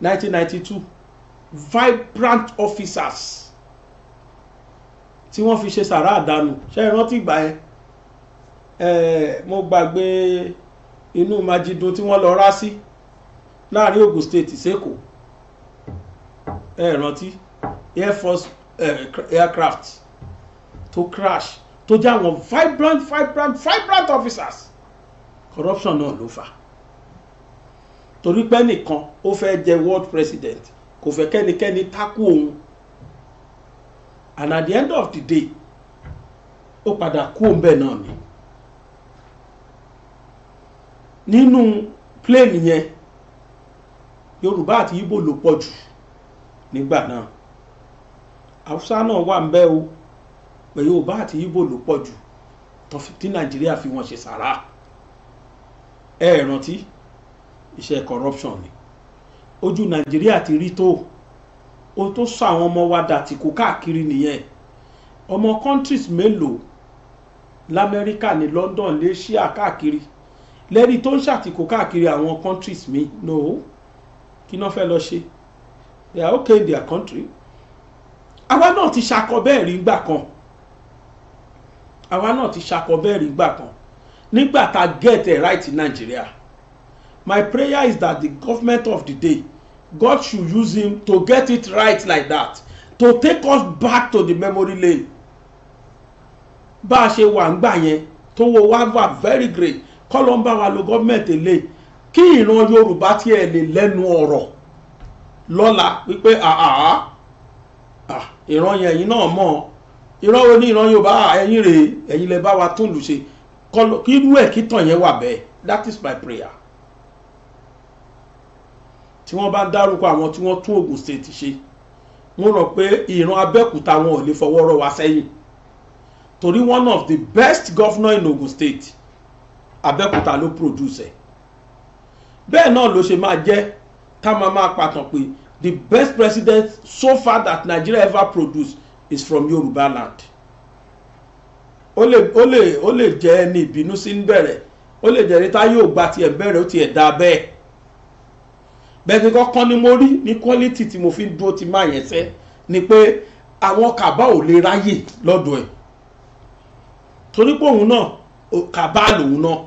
1992 vibrant officers tí wọ́n fi ṣe sàrá àdánù ṣe é rántí ìgbà yẹn mo gbàgbé inú Majidun tí wọ́n lọ rá sí láàrin Ogun State seko ẹ rántí air force eh, aircraft tó crash tó jẹ́ àwọn vibrant vibrant vibrant officers corruption náà ló fà torí pé nìkan ó fẹ́ jẹ́ world president kò fẹ́ kẹ́nikẹ́ni takú òun and at the end of the day ó padà kú òun bẹ́ẹ̀ náà ni nínú plane yẹn yorùbá àti Ìgbò ló pọ̀ jù nígbà náà haúsá náà wà ń bẹ̀ o pé Yorùbá àti Ìgbò ló pọ̀ jù tí Nàìjíríà fi wọn ṣe sàrà ẹ rántí iṣẹ́ corruption ni ojú Nàìjíríà ti rí tó ohun tó sọ àwọn ọmọ wa dàtìkú káàkiri nìyẹn ọmọ countries mélòó l'Amẹ́ríkà ní London lè ṣíà káàkiri lẹ́ni tó ń ṣàtìkú káàkiri àwọn countries mi no kí náà fẹ́ lọ ṣe they are okay in their country àwa náà ti ṣakọ bẹ́ẹ̀ rí gbà kan àwa náà ti ṣàkọbẹ́rì gbà kan nígbà tá a get it right in Nigeria my prayer is that the government of the day God should use him to get it right like that to take us back to the memory lane bá a ṣe wà ń gbà yẹn tó wo wá wà very great kọ́ wa lo gọ́ọ̀mẹ̀ntì lè kí ìran Yorùbá tiẹ̀ lè lẹ́nu ọ̀rọ̀ lọ́la wípé àhà ìran yẹn yìí náà mọ̀ ìran wo ní ìran Yorùbá ẹ̀yin rèé ẹ̀yin lè bá wa tún lù ṣe kí irú ẹ̀ kí tàn yẹn wà bẹ́ẹ̀ that is my prayer tí wọ́n bá ń dárúkọ àwọn tí wọ́n tún Ògùn state ṣe mo rò pé ìran Abẹ́òkúta wọn ò lè fọwọ́ rọ́ wa sẹ́yìn torí one of the best governor in Ògùn state Abẹ́òkúta ló produce ẹ̀ bẹ́ẹ̀ náà ló ṣe máa jẹ́ tá máa pàtàn pé the best president so far that Nigeria ever produced is from Yorùbá land ó lè ó lè ó lè jẹ́ ẹni ìbínú sí ń bẹ̀rẹ̀ ó lè jẹ́ níta yóò gba tiẹ̀ bẹ̀rẹ̀ ó tiẹ̀ dá bẹ́ẹ̀ bẹ́ẹ̀ni kọ́kọ́ ni mo rí ní quality tí mo fi ń dúró ti máa yẹn sẹ́ ni pé àwọn kàbá ò lè ráyè lọ́dọ̀ ẹ̀ torí pé òun náà kàbá lòun náà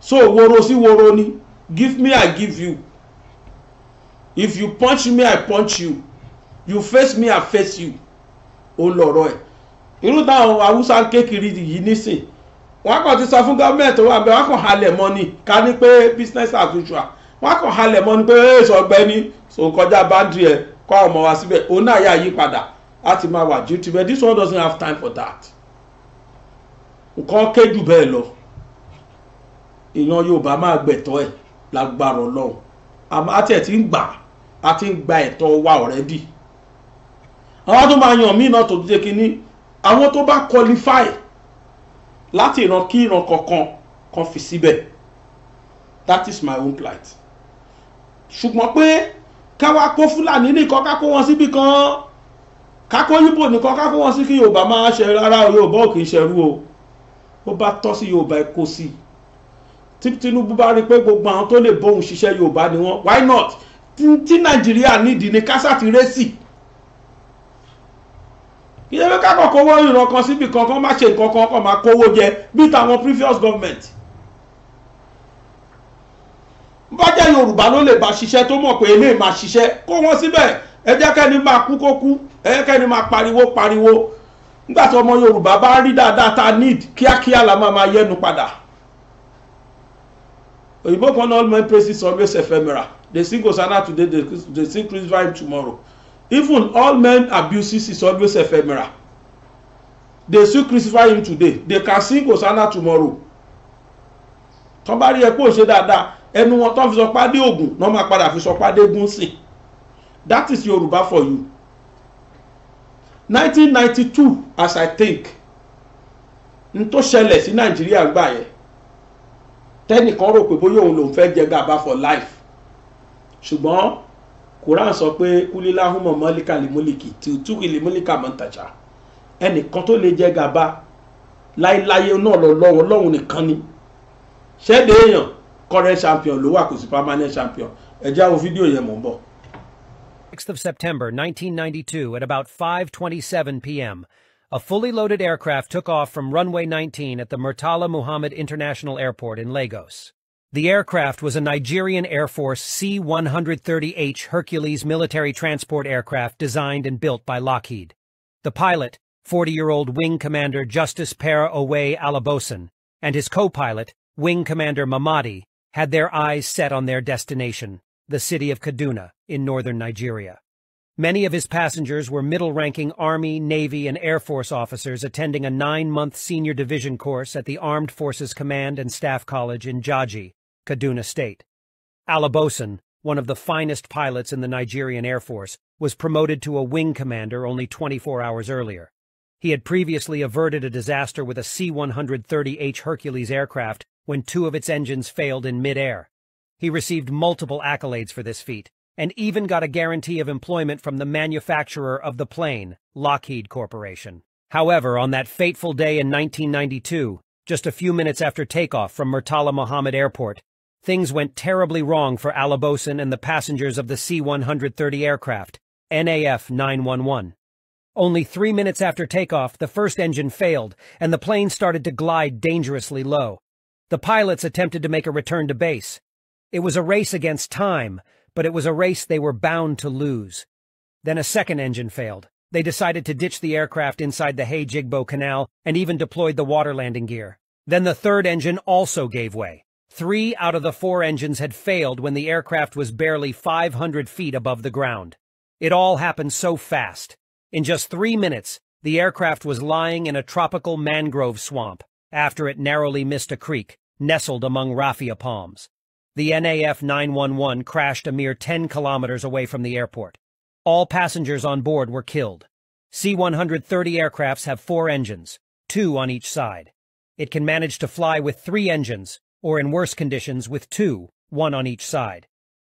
so woro sí woro ni give me I give you if you punch me I punch you you face me I face you o lọ̀rọ̀ ẹ̀ irú táwọn haúsá ń ké kiri yìí nísìn ti sọ fún gọ́ọ̀mẹ̀ntì wa bẹ́ẹ̀ wọ́n kàn halẹ̀ mọ́ ni ká ní pé business as usual wọ́n kàn halẹ̀ mọ́ ni pé ẹ̀ bandri e báńdì ọmọ wa síbẹ̀ òun náà yà yí padà láti máa wà this one doesn't have time for that nǹkan bẹ́ẹ̀ lọ Yorùbá máa gbẹ̀tọ́ ẹ̀ lágbára Ọlọ́run àmọ́ àti ẹ̀ ti ń gbà á ti ń gba ẹ̀tọ́ wa àwọn tó máa yàn míì náà tó jẹ́ kí ní àwọn tó bá qualify láti ìran kí ìran kọ̀ọ̀kan kan fi síbẹ̀ that is my own plight ṣùgbọ́n pé káwá kó fúlàní nìkan ká kó wọn síbi kan ká kó yíbò nìkan ká kó wọn sí kí yorùbá máa ṣe rárá yorùbá ò kì í ṣerú o ó bá tọ́ sí yorùbá kó sí tí tinubu bá rí i pé gbogbo àwọn tó lè bóun ṣiṣẹ́ yorùbá ni wọ́n why not tí nàìjíríà nídìí ni kásá ti rẹ́sì. Si kí ṣe pé kákan kówó ìran kan síbi kankan má ṣe nǹkan kan kàn máa kówó jẹ bíi tàwọn previous government bá jẹ́ yorùbá ló lè bá ṣiṣẹ́ tó mọ̀ pé eléyìí máa ṣiṣẹ́ kó wọ́n síbẹ̀ ẹ jẹ́ kẹ́ni máa kú kó kú ẹ jẹ́ kẹ́ni máa pariwo pariwo nígbà tí ọmọ yorùbá bá rí dáadáa ta need kíákíá la máa máa yẹnu padà òyìnbó kan náà all men praises always ephemeral they sing hosanna today they, they crucify him tomorrow even all men abuses is always ephemeral they still crucify him today they can sing hosanna tomorrow tán bá rí ẹ pé ò ṣe dáadáa ẹnu wọn tán fi sọ pàdé ògùn náà máa padà fi sọ pàdé gún sí that is Yorùbá for you 1992 as I think n tó ṣẹlẹ̀ sí Nàìjíríà gbà yẹn tẹ́nìkan rò pé bóyá òun lòún fẹ́ jẹ gàba for life ṣùgbọ́n Quran sọ pé kúlíláhùnmọ̀ mọ́líkà lè múlìkì tí ó túkì lè múlìkà mọ́ tàjà ẹnìkan tó lè jẹ gàba láéláyé náà lọ lọ́wọ́ lọ́hùn nìkan ni ṣẹ́ẹ̀dẹ̀ èèyàn current champion ló wà kò sí permanent champion ẹ̀jẹ̀ àwọn fídíò yẹn mọ̀ ń bọ̀. 6th of September 1992 at about 5:27 p.m. A fully loaded aircraft took off from runway 19 at the Murtala Muhammad International Airport in Lagos. The aircraft was a Nigerian Air Force C-130H Hercules military transport aircraft designed and built by Lockheed. The pilot, 40-year-old Wing Commander Justice Para Owe Alabosan, and his co-pilot, Wing Commander Mamadi, had their eyes set on their destination, the city of Kaduna, in northern Nigeria. Many of his passengers were middle-ranking Army, Navy, and Air Force officers attending a nine-month senior division course at the Armed Forces Command and Staff College in Jaji, Kaduna State. Alabosan, one of the finest pilots in the Nigerian Air Force, was promoted to a wing commander only 24 hours earlier. He had previously averted a disaster with a C-130H Hercules aircraft when two of its engines failed in midair. He received multiple accolades for this feat, and even got a guarantee of employment from the manufacturer of the plane, Lockheed Corporation. However, on that fateful day in 1992, just a few minutes after takeoff from Murtala Mohammed Airport, things went terribly wrong for Alibosan and the passengers of the C-130 aircraft, NAF 911. Only three minutes after takeoff, the first engine failed, and the plane started to glide dangerously low. The pilots attempted to make a return to base. It was a race against time, but it was a race they were bound to lose. Then a second engine failed. They decided to ditch the aircraft inside the Hay Jigbo Canal and even deployed the water landing gear. Then the third engine also gave way. Three out of the four engines had failed when the aircraft was barely 500 feet above the ground. It all happened so fast. In just three minutes, the aircraft was lying in a tropical mangrove swamp after it narrowly missed a creek nestled among raffia palms the NAF 911 crashed a mere 10 kilometers away from the airport. All passengers on board were killed. C-130 aircrafts have four engines, two on each side. It can manage to fly with three engines, or in worse conditions with two, one on each side.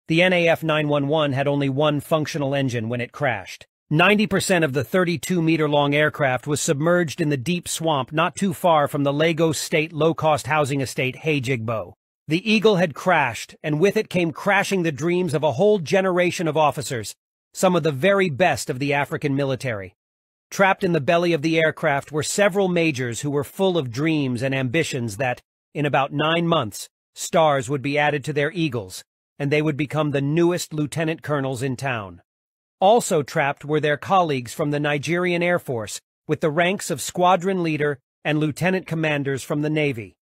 The NAF 911 had only one functional engine when it crashed. 90% of the 32-meter-long aircraft was submerged in the deep swamp not too far from the Lagos State low-cost housing estate Hejigbo. The Eagle had crashed, and with it came crashing the dreams of a whole generation of officers, some of the very best of the African military. Trapped in the belly of the aircraft were several majors who were full of dreams and ambitions that, in about nine months, stars would be added to their Eagles, and they would become the newest lieutenant colonels in town. Also trapped were their colleagues from the Nigerian Air Force, with the ranks of squadron leader and lieutenant commanders from the Navy.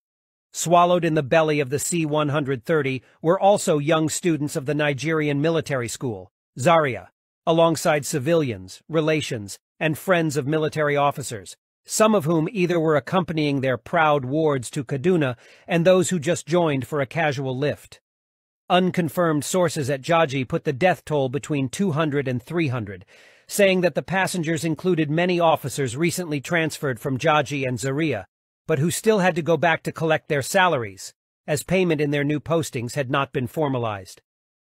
Swallowed in the belly of the C-130 were also young students of the Nigerian military school, Zaria, alongside civilians, relations, and friends of military officers, some of whom either were accompanying their proud wards to Kaduna and those who just joined for a casual lift. Unconfirmed sources at Jaji put the death toll between 200 and 300, saying that the passengers included many officers recently transferred from Jaji and Zaria, but who still had to go back to collect their salaries, as payment in their new postings had not been formalized.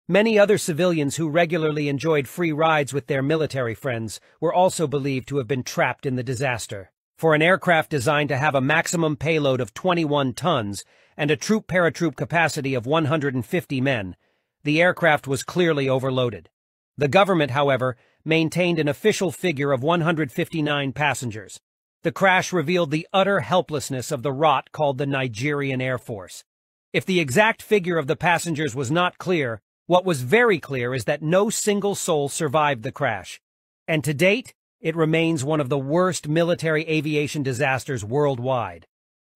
Many other civilians who regularly enjoyed free rides with their military friends were also believed to have been trapped in the disaster. For an aircraft designed to have a maximum payload of 21 tons and a troop-paratroop capacity of 150 men, the aircraft was clearly overloaded. The government, however, maintained an official figure of 159 passengers, the crash revealed the utter helplessness of the rot called the Nigerian Air Force. If the exact figure of the passengers was not clear, what was very clear is that no single soul survived the crash. And to date, it remains one of the worst military aviation disasters worldwide.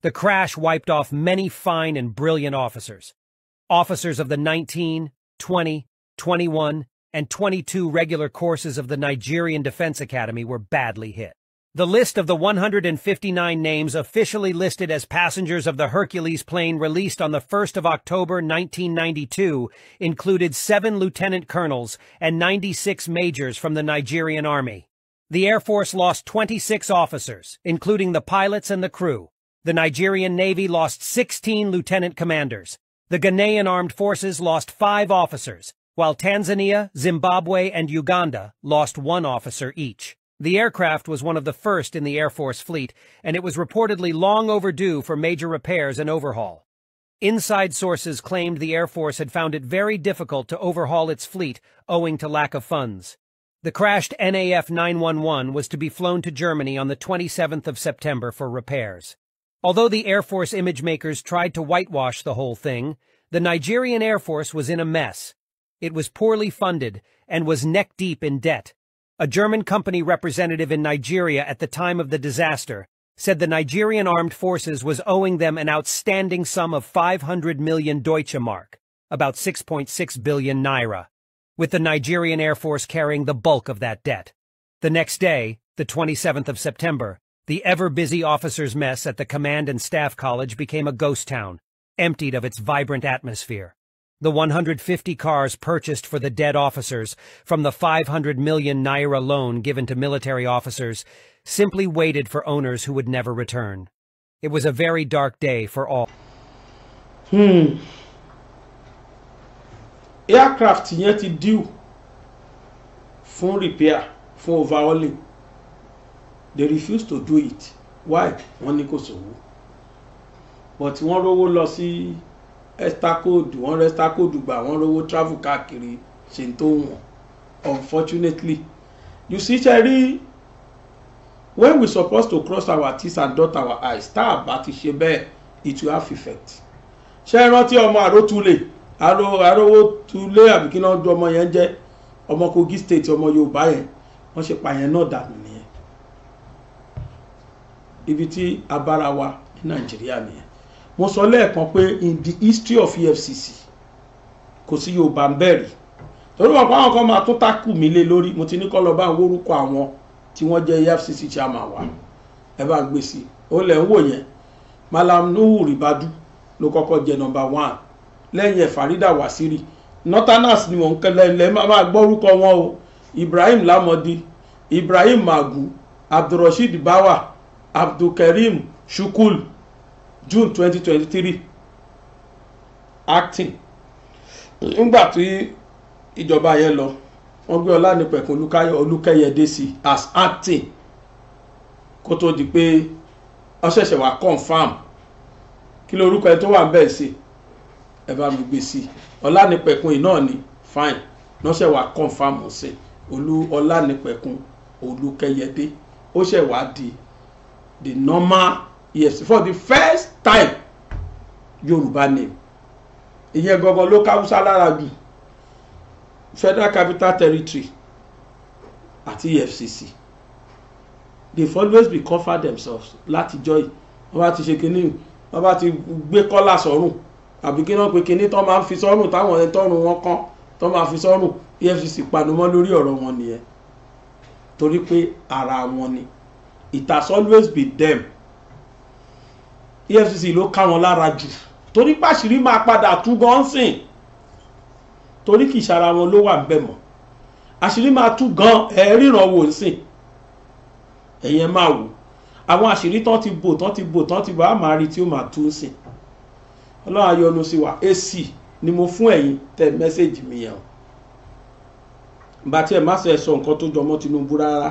The crash wiped off many fine and brilliant officers. Officers of the 19, 20, 21, and 22 regular courses of the Nigerian Defense Academy were badly hit. The list of the 159 names officially listed as passengers of the Hercules plane released on the 1st of October 1992 included seven lieutenant colonels and 96 majors from the Nigerian Army. The Air Force lost 26 officers, including the pilots and the crew. The Nigerian Navy lost 16 lieutenant commanders. The Ghanaian Armed Forces lost five officers, while Tanzania, Zimbabwe, and Uganda lost one officer each. The aircraft was one of the first in the Air Force fleet, and it was reportedly long overdue for major repairs and overhaul. Inside sources claimed the Air Force had found it very difficult to overhaul its fleet owing to lack of funds. The crashed NAF 911 was to be flown to Germany on the 27th of September for repairs. Although the Air Force image makers tried to whitewash the whole thing, the Nigerian Air Force was in a mess. It was poorly funded and was neck-deep in debt, a German company representative in Nigeria at the time of the disaster said the Nigerian Armed Forces was owing them an outstanding sum of 500 million Deutsche Mark, about 6.6 billion naira, with the Nigerian Air Force carrying the bulk of that debt. The next day, the 27th of September, the ever-busy officers' mess at the Command and Staff College became a ghost town, emptied of its vibrant atmosphere. The 150 cars purchased for the dead officers from the 500 million naira loan given to military officers simply waited for owners who would never return. It was a very dark day for all. Hmm. Aircraft yẹn due For repair for overhauling. They refused to do it. Why? One ní But one rówó lọ sí. extra code wọ́n rẹ́ extra code gbà wọ́n rówó travel káàkiri ṣe tó wọ̀n unfortunately you see ṣe rí when we suppose to cross our teeth and dot our eyes tá a bá ti ṣe bẹ́ẹ̀ it will have effect ṣe rántí ọmọ àrótulè àrówó tulé àbí kí náà ju ọmọ yẹn jẹ́ ọmọ Kogi state ọmọ Yorùbá yẹn wọ́n ṣe pa yẹn náà dànù nìyẹn ibi tí a bára wa ní Nàìjíríà nìyẹn mo sọ lẹ́ẹ̀kan pé in the history of EFCC kò sí Yorùbá ń bẹ̀rẹ̀ torí wọn pa àwọn kan máa tún tákù mí lé lórí mo ti ní kọ́ lọ bá ń wórúkọ àwọn tí wọ́n jẹ́ EFCC chairman wa ẹ bá ń gbé sí ó lẹ̀ ń wò yẹn Malam Nuhu Ribadu ló kọ́kọ́ jẹ number one lẹ́yìn ẹ̀ Farida Wasiri northerners ni wọ́n ń kẹ́lẹ́ ilẹ̀ máa gbọ́rúkọ wọn o Ibrahim Lamodi Ibrahim Magu Abdulrasheed Bawa Abdulkareem Shukul June 2023 acting nígbà tí ìjọba yẹn lọ wọ́n gbé Ọlánìpẹ̀kun Olúkẹ́yẹdé sí as acting kó tó di pé wọ́n ṣẹ̀ṣẹ̀ wá confam kí ló orúkọ ẹ tó wà bẹ́ẹ̀ sí ẹ bá mi gbé sí Ọlánìpẹ̀kun yìí náà ni fine náà ṣẹ̀ wá confam sí olú Ọlánìpẹ̀kun Olúkẹ́yẹdé ó ṣẹ̀ wá di the normal yes for the first time Yoruba name ìyẹn gangan ló káwúsá lára jù federal capital territory àti efcc they always be cover themselves látijọ́ yìí wọ́n bá ti ṣe kínní wọ́n bá ti gbé kọ́là sọ́rùn àbí kí wọ́n pe kínní tán máa ń fi sọ́rùn táwọn ẹni tọ́rùn wọn kán tán máa fi sọ́rùn efcc panumọ́ lórí ọ̀rọ̀ wọn nìyẹn torí pé ara wọn ni it has always been them EFCC ló ká wọn lára jù torí pàṣírí máa padà tú gan sìn torí kì í ṣara wọn ló wà ń bẹ̀ mọ́ àṣírí máa tú gan ẹ̀ ríran wò ń sìn ẹ̀yẹn máa wò àwọn àṣírí tán ti bò tán ti bò tán ti bò á máa rí tí ó máa tú sìn ọlọ́run ayọ́nu sí wa èsì ni mo fún ẹ̀yin tẹ mẹ́sẹ̀gì mi yẹn o bá tiẹ̀ má sọ ẹ̀ sọ nǹkan tó jọmọ́ Tinubu rárá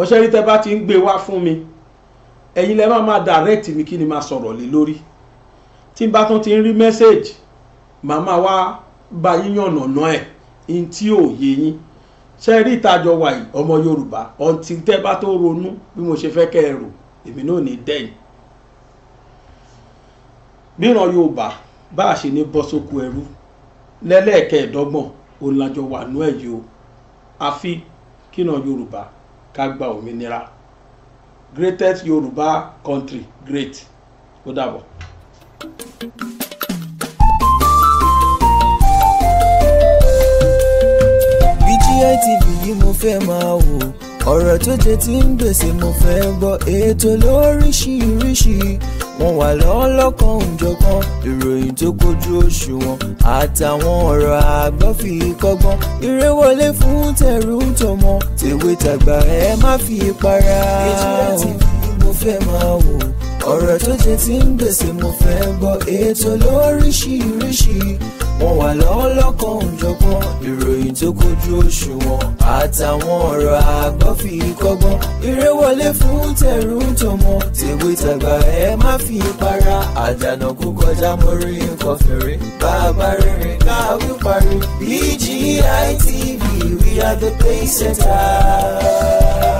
ọṣẹ́ rí tẹ bá ti ń gbé wá fún mi ẹ̀yin lẹ́ máa máa direct mi kí ni máa sọ̀rọ̀ lé lórí tí n bá tún ti ń rí message màmá wa bá yín yànnàná ẹ̀ in tí ò yé yín ṣe rí ìtajọ wa yìí ọmọ Yorùbá ọtí tẹ́ bá tó ronú bí mo ṣe fẹ́ kẹ́ ẹ rò èmi náà ní dẹ́yìn bíran Yorùbá bá a ṣe ní bọ́ sóko ẹrú lẹ́lẹ́ẹ̀kẹ́ẹ̀dọ́gbọ̀n òun lájọ wà nú ẹ̀ yìí o àfi kíran Yorùbá ká gba òmìnira greatest Yoruba country great O dabo. BGI yìí mo fẹ́ máa wò ọ̀rọ̀ tó jẹ ti ń gbèsè mo fẹ́ gbọ́ ètò lóríṣiríṣi wọ́n wà lọ́wọ́ lọ́kàn òjọ̀kan ìròyìn tó kojú òṣùwọ̀n àtàwọn ọ̀rọ̀ àgbọ́ fi kọ́gbọ́n eré wọlé fún tẹ̀rù tọmọ tèwe tàgbà ẹ má fi para. ètò láti mo fẹ́ máa wò ọ̀rọ̀ tó jẹ ti ń gbèsè mo fẹ́ gbọ́ ètò lóríṣiríṣi wọn wà lọ́wọ́ lọ́kàn òjọ̀gbọ́n ìròyìn tó kojú òṣùwọ̀n àtàwọn ọ̀rọ̀ àgbọ́ fi kọ́gbọ́n eré wọlé fún tẹ̀rù tọmọ tèwe tàgbà ẹ má fi para àdànà kú kọjá mọ́rí nǹkan fèrè bàbá rere káwí parí BGI TV we are the pace setters